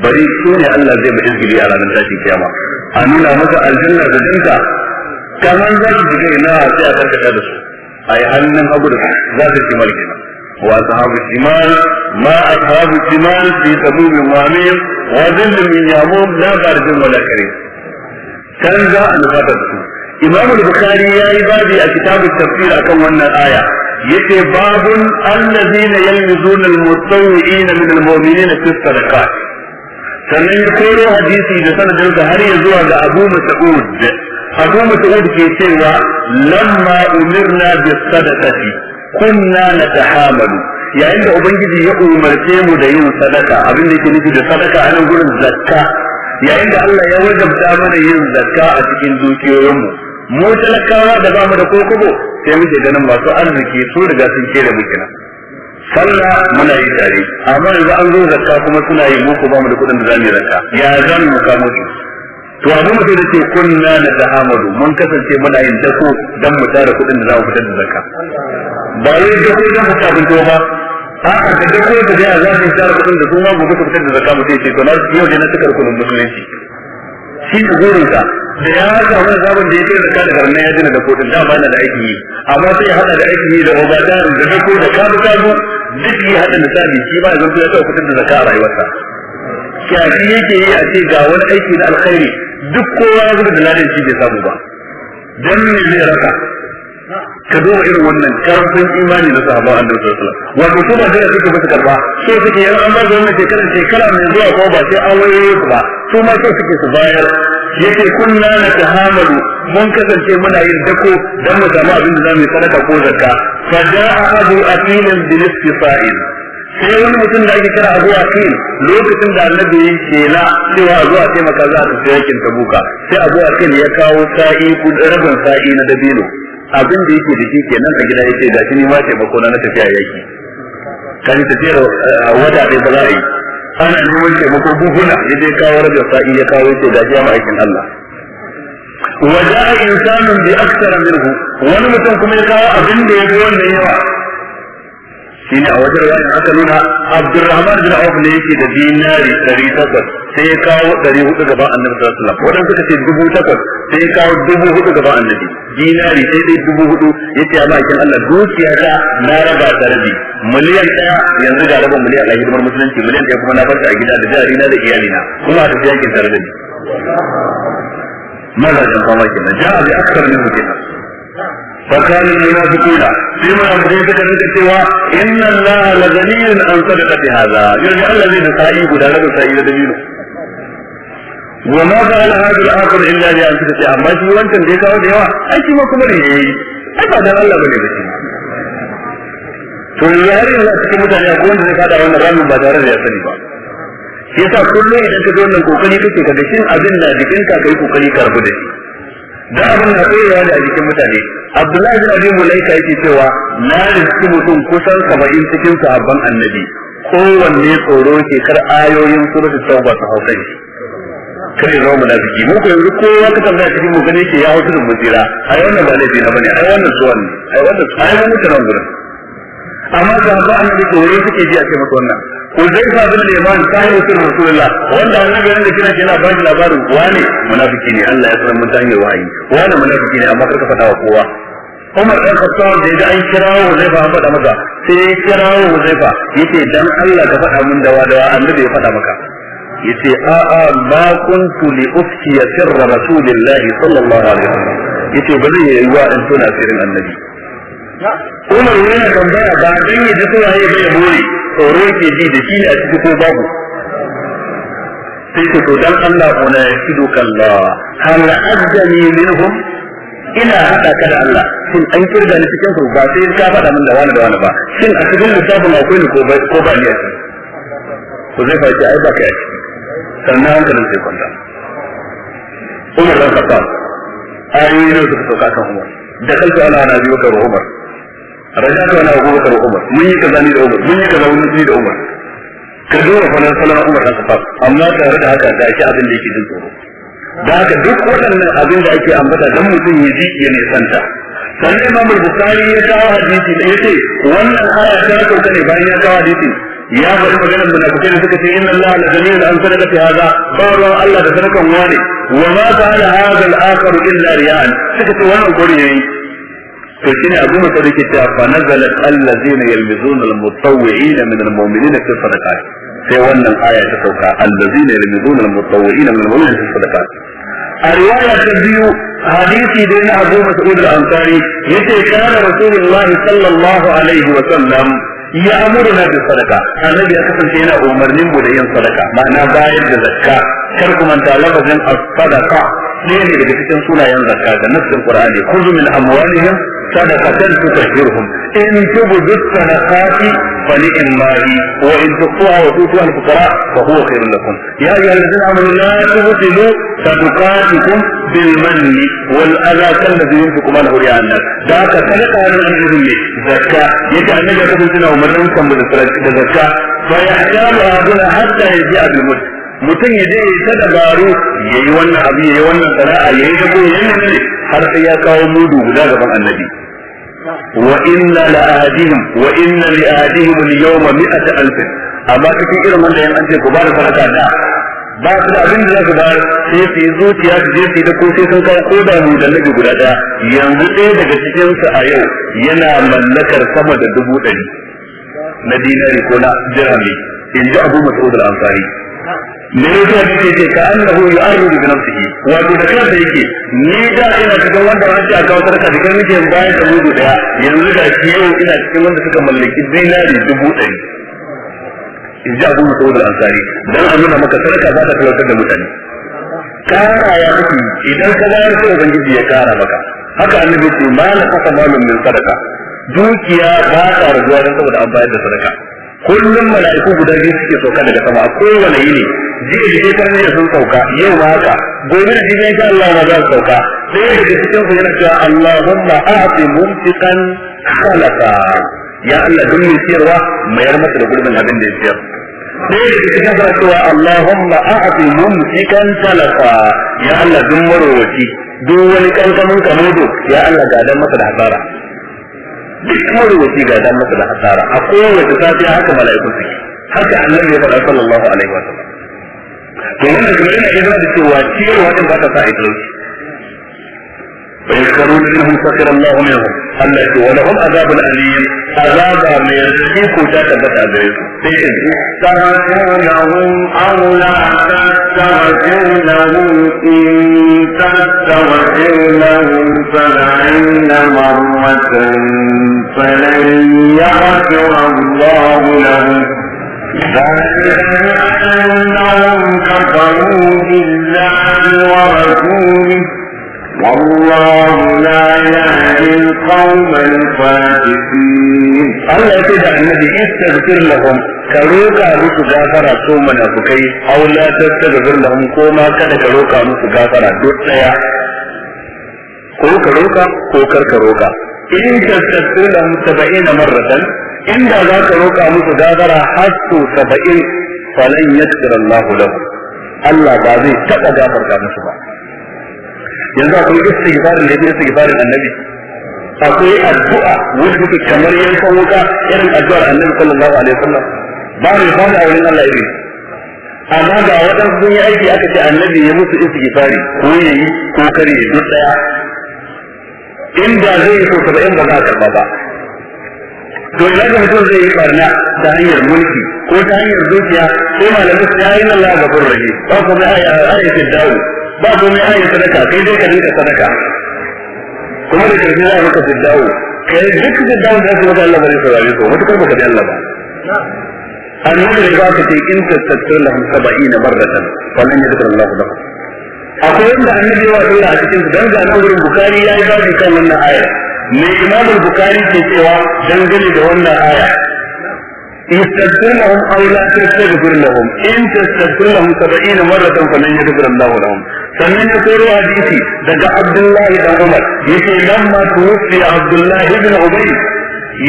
bari su Allah zai ba izgili a ranar tashin kiyama a nuna masa aljanna da danta kamar za su shiga ina sai a karkata da su a hagu da su za su ci mal wa sahabu shimal ma ashabu shimal fi sabumin wamim wa zillin min yamum za a nufa da Imam Bukhari ya yi a kitabun tafsir akan wannan aya yace babun allazina yalmizuna almutawwi'ina min almu'minina fi sadaqat sannan koro hadisi da sanadin sa har ya zuwa ga Abu Mas'ud Abu Mas'ud ke cewa lamma umirna bis sadaqati kunna natahamalu yayin da ubangiji ya umarce mu da yin sadaka abin da yake nufi da sadaka a nan gurin zakka yayin da Allah ya wajabta mana yin zakka a cikin dukiyoyinmu mu talakawa da ba mu da kokobo sai muke ganin masu arziki su riga sun kera da kenan sallah muna yi tare amma yanzu an zo zakka kuma suna yi muku ba mu da kuɗin da za mu yi zakka ya zan mu kamo su to abin mutum da ke kunna na ta'amalu mun kasance muna yin dako dan mu tara kuɗin da za mu fitar da zakka ba wai dako dan mu sabin to ba a a da dako da za mu tara kudin da kuma mu fitar da zakka mu ce to na yau ne na tukar kuɗin musulunci shi ne burinsa da ya samu zabin da ya kai zaka da garna ya jina da kotun da ba na da aiki yi amma sai ya hada da aiki yi da obadan da ko da kabu kabu duk ya hada da sabi shi ba zan ya tsaye kudin da zaka a rayuwarsa kyafi yake yi a ce ga wani aiki na alkhairi duk kowa ya zuba da ladan shi bai samu ba dan me zai raka ka duba irin wannan karfin imani na sahabban annabi sallallahu alaihi wasallam wato su da suke musu karba so suke yan an ba da wannan shekarar shekara mai zuwa ko ba sai an waye su ba su ma so suke su bayar yake kunna na tahamalu mun kasance muna yin dako dan mu samu abin da zamu sadaka ko zakka fa da'a abu aqilan bil istifa'in sai wani mutum da ake kira abu aqil lokacin da annabi ya kela cewa a zuwa taimaka za a tafi yakin tabuka sai abu aqil ya kawo sa'i rabin sa'i na dabino abin da yake da shi nan a gida yake da shi ma ce taimako na tafiya yaki kan tafiyar eh, wata ɗaya ba za a yi ana neman taimako buhuna ya je kawo rabin sa'i ya kawo yake da jiya ma'aikin Allah waja'a insanun bi aksara minhu wani mutum kuma ya kawo abin da ya fi wannan yawa shine a wajen wani aka nuna Abdurrahman bin Auf ne yake da dinari 800 sai ya kawo 400 gaba Annabi sallallahu alaihi wasallam wadanda suka ce takwas sai ya kawo 400 gaba Annabi dinari sai dai 400 yace amma kin Allah dukiya ta na raba ta rabi miliyan daya yanzu ga miliyan a hidimar musulunci miliyan daya kuma na barka a gida da jari na da iyalina kuma a tafi yakin tare da ni mazajen fama kenan ja'a bi فقال المنافقون في منافقين تكلمت سوى إن الله لغني عن صدقة هذا يرجع الذين سائيه لا لك سائيه دليله وما فعل هذا الآخر إلا لأن تكتي أما شيء وانت ديكا وديوا أي شيء ما كبري أي بعد الله بني بشي to yanzu yanzu a cikin mutane a kowanne zai kada wannan ramin ba tare da ya sani ba yasa kullum idan ka zo wannan kokari kake ka ga shin abin na jikinka kai kokari karbu da shi da abin na ya da a jikin mutane abdullahi bin abi mulaika yake cewa na cikin mutum kusan 70 cikin sahabban annabi kowanne tsoro ke kar ayoyin suratu tauba su hausa ne kai da munafiki mu ko yanzu kowa ka tambaya cikin mu gane ke ya hausa da mujira ai wannan ba laifi na bane ai wannan suwan ai wannan ai wannan mutanen gurin amma da ba a da tsoro suke ji a ce masa wannan Uzaifa bin Liman sahibu sir Rasulullah wanda annabi da kina kina ba shi labarin wane munafiki ne Allah ya san mun tanye wayi wani munafiki ne amma karka faɗa wa kowa Umar ɗan Khattab da ya an wa zai fa fada maka sai ya zai fa yace dan Allah ka fada mun dawa dawa annabi ya faɗa maka yace a a ma kuntu li ufti sirra rasulillahi sallallahu alaihi wasallam yace ba yi wa in tuna sirrin annabi Umar yana tambaya ba dan ya ji kowa ya bai more tsoro ke ji da shi a ciki ko babu sai ce to dan Allah ko na shidu kallah hal azami minhum ina hada kada Allah shin an kirga ni cikin su ba sai ka faɗa min da wani da wani ba shin a cikin lissafin akwai ni ko ba ko ba ni ko zai faɗi ai ba ka yi sannan hankalin sai kwanta Umar dan Khattab ayoyi ne suka sauka kan Umar da kalta ana na biyo ka Umar rajatu ana Abu Bakar Umar mun yi kaza ni da Umar mun yi kaza ni da Umar ka Umar amma tare da haka abin da jin tsoro duk waɗannan abin da ake ambata dan mutum ya ji ya nisanta ya kawo hadisi da yace wannan ta ne bayan ya kawo hadisi ya bari maganar munafikai da suka ce inna Allah la jamil an sadaqati ba ruwan Allah da wane wa ma ta'ala hadha al illa riya'an suka ce wannan gori to shine abu mai kada ke cewa fa nazalat allazina yalmizuna almutawwi'ina min almu'minina fi sadaqat sai wannan aya ta sauka allazina yalmizuna almutawwi'ina min almu'minina fi sadaqat a riwaya ta biyu hadisi da na Abu Mas'ud al-Ansari yace kana Rasulullahi sallallahu alaihi wa sallam ya amuru na bin sadaka annabi ya kasance yana umarnin mu da yin sadaka ma'ana bayar da zakka kar ku manta lafazin as-sadaqa ne daga cikin sunayen zakka da nassin Qur'ani khudhu min صدقة تطهرهم إن تبدوا الصدقات فلإما هي وإن تخفوها وتؤتوها الفقراء فهو خير لكم يا أيها الذين آمنوا لا تبطلوا صدقاتكم بالمن والأذى كالذي ينفق ماله رياء الناس ذاك صدقة من أمرهم زكاة يجعل النبي صلى الله عليه من الزكاة يسمى فيحتال أهلنا حتى يجيء بالمسلم mutum ya je ya ta dabaru ya yi wannan abu ya yi wannan sana'a ya yi dabo ya yi ne har sai ya kawo mudu guda gaban annabi wa inna la ahadihim wa inna li ahadihim al yawma mi'ata alf amma cikin irin wanda yan an ce ku ba da sadaka da ba su da abin da za su bayar sai su yi zuciya su je su da ko sai sun kawo koda mu da nabi guda daya yanzu ɗaya daga cikin su a yau yana mallakar sama da dubu ɗari na dinari ko na dirhami in ji abu mas'ud al amfani. me yasa nake ce ka annahu yu'arridu bi nafsihi wato da kansa yake ni da ina cikin wanda an a kawo sarka da kan nake bayan da mudu daya yanzu da shi yau ina cikin wanda suka mallaki dinari dubu ɗari in ji abu mutu da ansari don a nuna maka sarka za ta talautar da mutane kara ya kuke idan ka bayar sai ubangiji ya kara maka haka annabi ce ma la kafa malum min sadaka dukiya ba ta rajuwa don saboda an bayar da sadaka kullum mala'iku guda biyu suke sauka daga sama a kowane yini jiya da shekaran jiya sun sauka yau ma haka gobe da jiya insha Allah ma za su sauka sai daga cikin su yana cewa Allahumma a'ti mumtiqan khalaqa ya Allah duk mai siyarwa mayar masa da gurbin abin da ya siyar sai daga cikin su cewa Allahumma a'ti mumtiqan khalaqa ya Allah duk marowaci duk wani kankanin kamodo ya Allah dan masa da hasara duk wani wasiƙa dan masa da hasara a kowace safiya haka mala'ikun suke haka annabi ya faɗa sallallahu alaihi wa sallam to wannan kamar yana iya zama cewa ciyarwa din ba ta sa a talauci ويذكرون انهم سخر الله منهم الله ولهم عذاب اليم عذاب ما يرتقي كوتا تبت عذاب سيئ تركونهم او لا تستغفر لهم إن تستغفر لهم سبعين مرة فلن يغفر الله لهم ذلك بأنهم كفروا بالله ورسوله والله لا يهدي القوم الفاسقين الله يقول النبي استغفر لهم ka roƙa musu gafara kada ka roƙa musu gafara duk ko ka roƙa ko kar ka roƙa in za ka roƙa musu gafara su Allah ba zai taɓa gafarta musu ba yanzu akwai istighfarin da yake istighfarin annabi akwai addu'a wanda take kamar yankan wuka irin addu'ar annabi sallallahu alaihi wasallam ba mai fara a wurin Allah irin amma ga waɗansu sun yi aiki aka ce annabi ya musu istighfari ko ya yi ko kare duk daya inda zai yi so saba'in ba za a karba ba to ina ga mutum zai yi barna ta hanyar mulki ko ta hanyar dukiya sai malamai su yi na Allah ga furraje ba kuma ai ai ai dawo ba komai an yi sadaka dai ka rinka sadaka kuma da karfi za a maka fiddawo kai duk fiddawo da su maka Allah bari saurare su mutukar baka da Allah ba annabi da ka ce in tastattir lahum sab'ina marratan ya yadkur Allah lahum akwai wanda annabi ya wada a cikin su dan ga nan bukari ya yi babu kan wannan aya mai imam bukari ke cewa dangane da wannan aya يستغفر لهم لا تستغفر لهم ان تستغفر لهم سبعين مره فلن يغفر الله لهم sannan ya koro hadisi daga Abdullahi dan Umar yace lamma tuwfi Abdullahi bin Ubay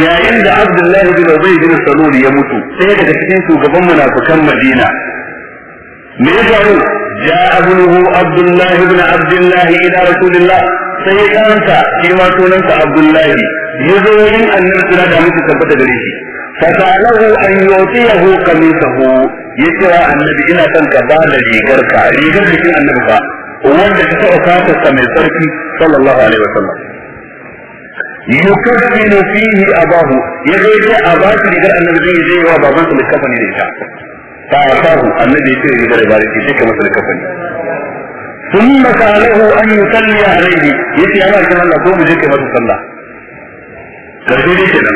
yayin da Abdullahi bin Ubay bin Salul ya mutu sai daga cikin shugaban munafikan Madina me ya faru ja ابنه Abdullahi الله Abdullahi عبد الله الى رسول الله sai ɗansa shi ma sunansa Abdullahi ya zo yin annabi suna da mutu tabbata gare shi fasalahu an yutiyahu qamisahu yace wa annabi ina son ka ba da rigar ka rigar jikin annabi ba wanda ta taɓa fata mai tsarki sallallahu alaihi wasallam yukaffinu fihi abahu ya zai ce a ba rigar annabi zai zai wa baban sa likafani da ita fa asahu annabi ya ce rigar da bariki sai ka masa likafani ثم سأله أن يصلي عليه يتي أنا كمان لكم جيك ما تصلى كذلك كده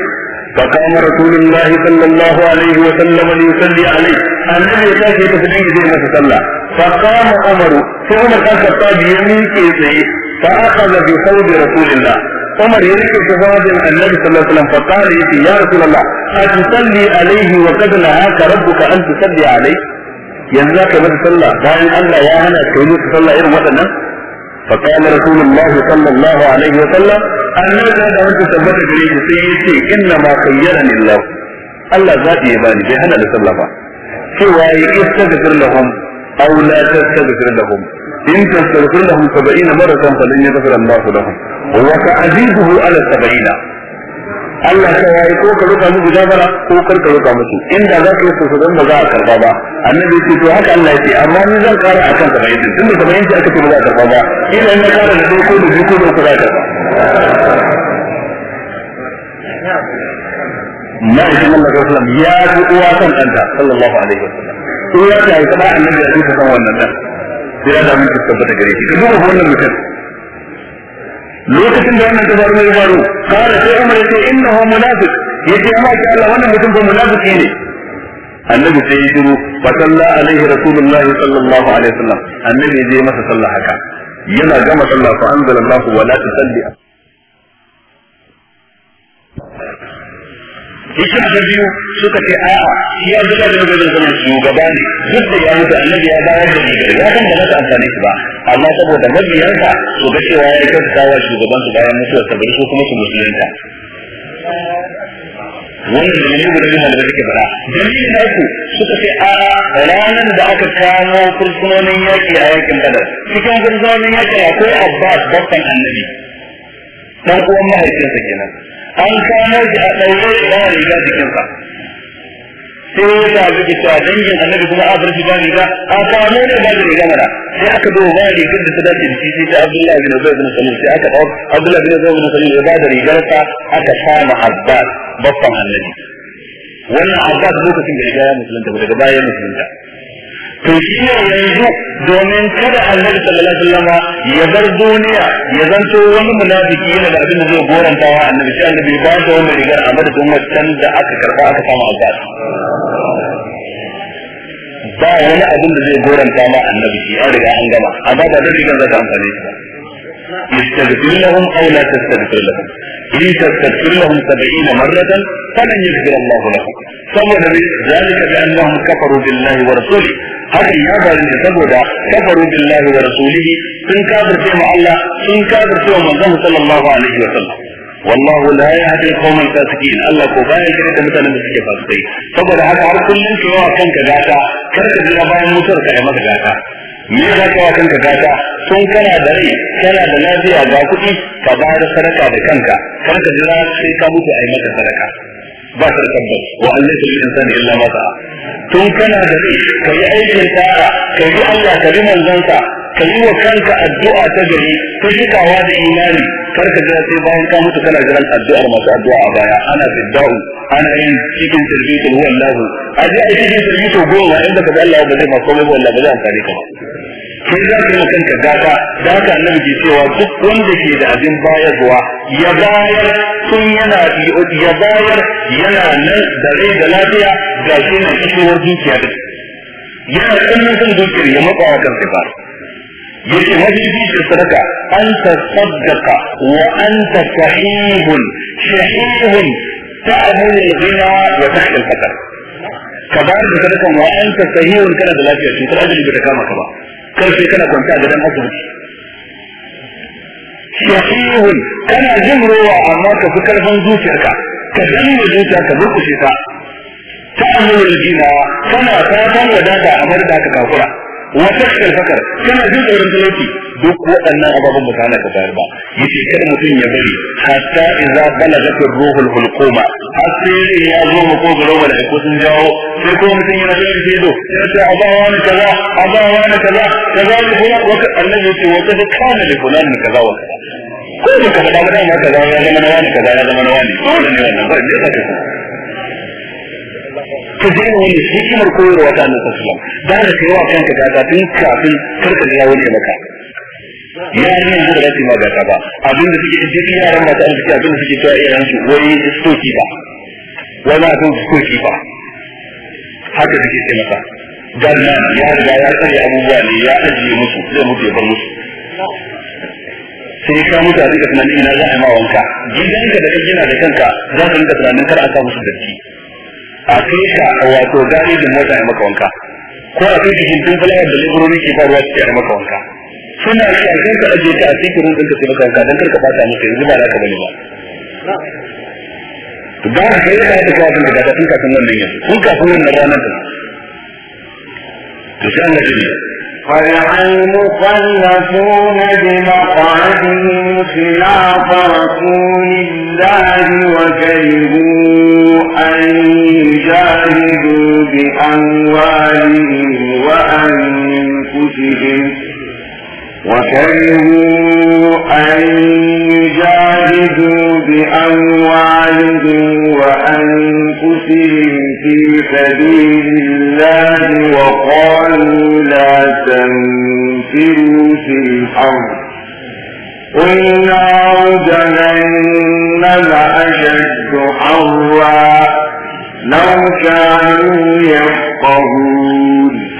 فقام رسول الله صلى الله عليه وسلم ليصلي عليه ان النبي يتاكي تسليم زي ما تصلى فقام عمر ثم قال الخطاب يمين كيسي فأخذ بصوب رسول الله عمر يلك بصواب النبي صلى الله عليه وسلم فقال يتي يا رسول الله اتصلي عليه وقد نهاك ربك ان تصلي عليه yanzu ما تصلى mata sallah bayan Allah ya hana ka yi musu فقال رسول الله صلى الله عليه وسلم أن نجد أن تثبت لي سيئتي إنما خيرني الله ألا ذاتي يباني جهنا لسلفا سواء استغفر لهم أو لا تستغفر لهم إن تستغفر لهم سبعين مرة فلن يغفر الله لهم وكعزيزه على السبعين Allah ya yayi ko ka roƙa musu gafara ko kar ka roƙa musu inda za ka yi su dan za a karba ba annabi ce to haka Allah ya ce amma ni zan kara a kan bayyana tunda ka bayyana aka ce ba za a karba ba ina in na kara da ko da biyu ko da uku za a karba na shi Allah ta sallam ya ji uwa kan ɗanta sallallahu alaihi wasallam uwa ta yi kama annabi ya ji ta san wannan ɗan sai ya da mun tabbata gare shi ka duba wannan mutum lokacin da wannan ta faru mai faru kare sai umar yace huwa munafiq yace amma ki Allah wannan mutum ba munafiki ne annabi sai ya shiru fa sallallahu alaihi rasulullahi sallallahu alaihi wasallam annabi je masa sallah haka yana gama sallah fa anzalallahu wa la tusalli hikima ta biyu suka ce a'a shi ya zuba da wajen zama shugaba ne duk da ya mutu annabi ya bayar da rigar ya san ba za ta amfane shi ba amma saboda mabiyansa su ga cewa ya kyautata wa shugaban su bayan mutuwar sa bari su kuma su musulunta wannan da ne guda da take fara dalilin na uku suka ce a ranar da aka kawo fursunonin yaki a yakin badar cikin fursunonin yaki akwai abbas babban annabi dan uwan mahaifinsa kenan an kamo shi a ɗaure ina ya riga jikinsa sai ya sa zuke cewa dangin annabi kuma a barci ba riga a kamo ne ba riga mana sai aka duba ba rigar da ta dace da shi sai ta abdullahi bin ubay bin salim sai aka ɗauka abdullahi bin ubay bin salim ya ba da sa aka kama abbas babban annabi wannan abbas lokacin da riga ya musulunta daga baya ya musulunta to shi ne yanzu domin kada annabi sallallahu alaihi wasallam ya bar duniya ya zanto wani munafiki yana da abin da zai goranta wa annabi sai annabi ba da wani rigar a madadin wancan da aka karba aka samu alƙali ba wani abin da zai goranta ma annabi shi an riga an gama amma ba da rigar zaka amfane shi ba يستغفر لهم او لا تستغفر لهم ان تستغفر لهم سبعين مرة فلن يغفر الله لهم ثم ذلك بانهم كفروا بالله ورسوله hakan ya faru ne saboda kafaru billahi wa rasulihi sun kafirce ma Allah sun kafirce wa manzon sallallahu alaihi wa sallam wallahu la yahdi al-qawm al-fasiqin Allah ko baya kira da mutanen da suke fasikai saboda haka har kullun ke yawa kanka gata kar ka jira bayan mutuwar ka yi maka gata me za ka wa kanka gata sun kana da rai kana da lafiya ga kuɗi ka bayar sadaka da kanka kar ka jira sai ka mutu a yi maka sadaka ba ta tabbas wa Allah ta yin sani illa masa tun kana da rai ka yi aikin tsara ka yi Allah ka yi manzansa ka yi wa kanka addu'a ta gari ta shigawa da imani kar ka jira sai bayan ka mutu kana jiran addu'ar masu addu'a a baya ana fidda'u ana yin cikin tarbiyyar huwa Allah a ji a cikin tarbiyyar goma inda ka ga Allah ba zai ma komai ba Allah ba zai amfani ka ba sai za ka yi kanka gata da haka annabi ke cewa duk wanda ke da abin bayarwa ya bayar tun yana ya bayar yana nan da rai da lafiya ga shi na kishewar dukiya da yana tsanin kan dukiyar ya matsa wa kansa ba yake mafi shi sadaka an ta saddaka wa an ta shahihun shahihun ta'amul ghina wa ta shi ka bayar da sadakan wa an ta sahihun kana da lafiya cutar ajali ba ta kama ka ba kar sai kana kwanta a gidan asibiti shafihun kana jin rowa amma ka fi karfin zuciyarka ka danne zuciya ka burkushe ka ta amurin jina kana fatan wadata a marda ka kakura wata fakar kana jin tsoron talauci duk waɗannan ababen ba kana ka bayar ba yace kar mutum ya bari hatta idza balagat ar-ruhul hulquma har ya zo mu ko garo ba da ko sun jawo sai ko mutum ya da shi do sai ta abawa ne kaza abawa wani kaza kaza ne ko wata annabi yace wata kana da fulan kaza wata ko da kaza da mana kaza ya zama wani kaza ya zama wani to da ne wannan ba ne ka ka je ne shi kuma koyarwa ta annabi sallallahu alaihi wasallam da ka yi wa kanka da kafin kafin karka ga wani maka yaran yanzu ba za su yi magata ba abin da suke a yaran masu arziki abin da suke cewa yaran su wai stoki ba wani abin stoki ba haka suke ce masa gannan ya riga ya tsare abubuwa ne ya ajiye musu zai mutu ya bar musu sai ka mutu a duka tunanin ina za a yi ma wanka gidanka da gina da kanka za ka rinka tunanin kar a sa musu datti a kai ka wato gani da mota ya maka wanka ko a kai ka hintun fulawar da laborori ke faruwa su ya maka wanka suna shakin ka aje ta a cikin rubin ka sai maka dan karka bata musu yanzu ba za ka bane ba to da ka yi da ka da ka tun kafin wannan yanzu tun kafin wannan ranar da to sai Allah ya فرح المخلفون بمقعدهم خلاف رسول الله وكرهوا أن يجاهدوا بأموالهم وأنفسهم وكرهوا أن يجاهدوا بأموالهم وأنفسهم في سبيل الله وقالوا لا تنفروا في الحرب قل نار جهنم أشد حرا لو كانوا يفقهون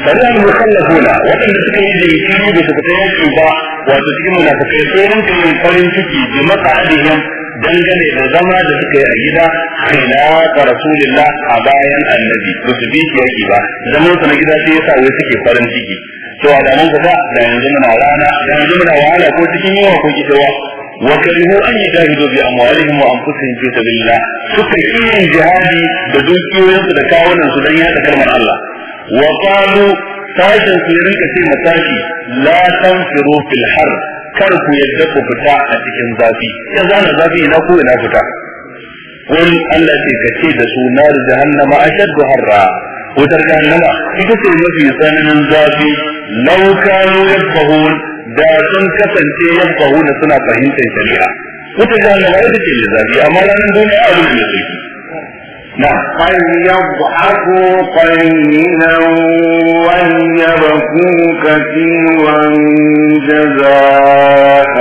فمن المخلفون وكان suka yi da yakini da suka tsaye ba wato cikin munafikai sai ran kan farin ciki da mata'adihim dangane da zama da suka yi a gida khilafa rasulillah a bayan annabi ba su bi shi yaki ba zaman sa na gida sai yasa wai suke farin ciki to a nan gaba da yanzu muna rana da yanzu muna wahala ko cikin yawa ko gidawa وكرهوا أن يجاهدوا بأموالهم وأنفسهم في سبيل الله سكر إيه جهادي بدون كيو يصد كاونا سدنيا تكلم الله wa qalu sashin su rinka ce matashi la tanfiru fil har kar ku yadda ku fita a cikin zafi ya zana zafi ina ko ina fita قل التي كتيد نار جهنم أشد حرا wutar jahannama ita ce mafi tsananin zafi lau kanu yafahun da sun kasance yafahuna suna fahimtar shari'a wutar jahannama ita ce da zafi amma ranar duniya abin ya قد نعم. يضحك قليلا وليبكوا كثيرا جزاء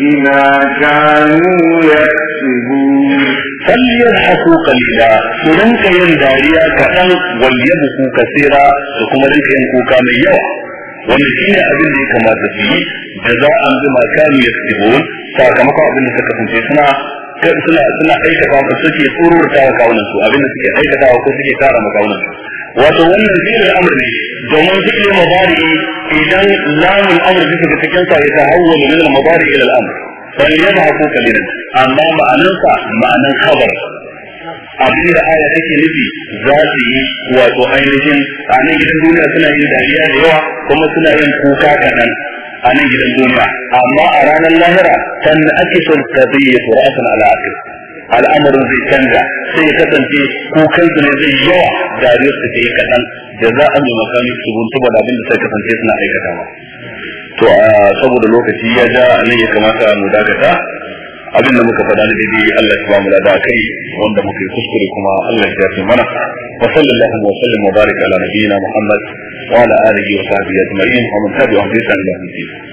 بما كانوا يكسبون فليضحكوا قليلا ولنك داريا كأن وليبكوا كثيرا ثم لنك ينكوكا من يوى ولكن أبن كما تفيه جزاء بما كانوا يكسبون فكما قال ابن سكتم suna suna aikata mu suke tsururta wa kawunan su abinda suke aikata wa ko suke kara ma kawunan su wato wannan fi'il al-amr ne domin fi'il mudari idan lamun amr ta shiga cikin sa ya tahawwalu min al-mudari ila al-amr fal yadhaku kalilan amma ma'anansa ma'anan khabar abin da aya take nufi za su yi wato ainihin a nan gidan duniya suna yin dariya da yawa kuma suna yin kuka kaɗan a nan gidan duniya amma a ranar lahira tan akisul qadiyyatu ra'san ala akil al'amarin zai canza sai ya kasance kukan su ne zai yawa dariyar su ta yi kaɗan da za a nuna kamin su guntu ba da abin da sai kasance suna aikata ba to a saboda lokaci ya ja nan ya kamata mu dakata abin da muka faɗa na daidai Allah ya ba mu lada kai wanda muka yi kuskure kuma Allah ya yafe mana wa sallallahu wa sallam wa baraka ala nabiyyina Muhammad wa ala alihi wa sahbihi ajma'in wa man tabi'ahum bi ihsan ila yawm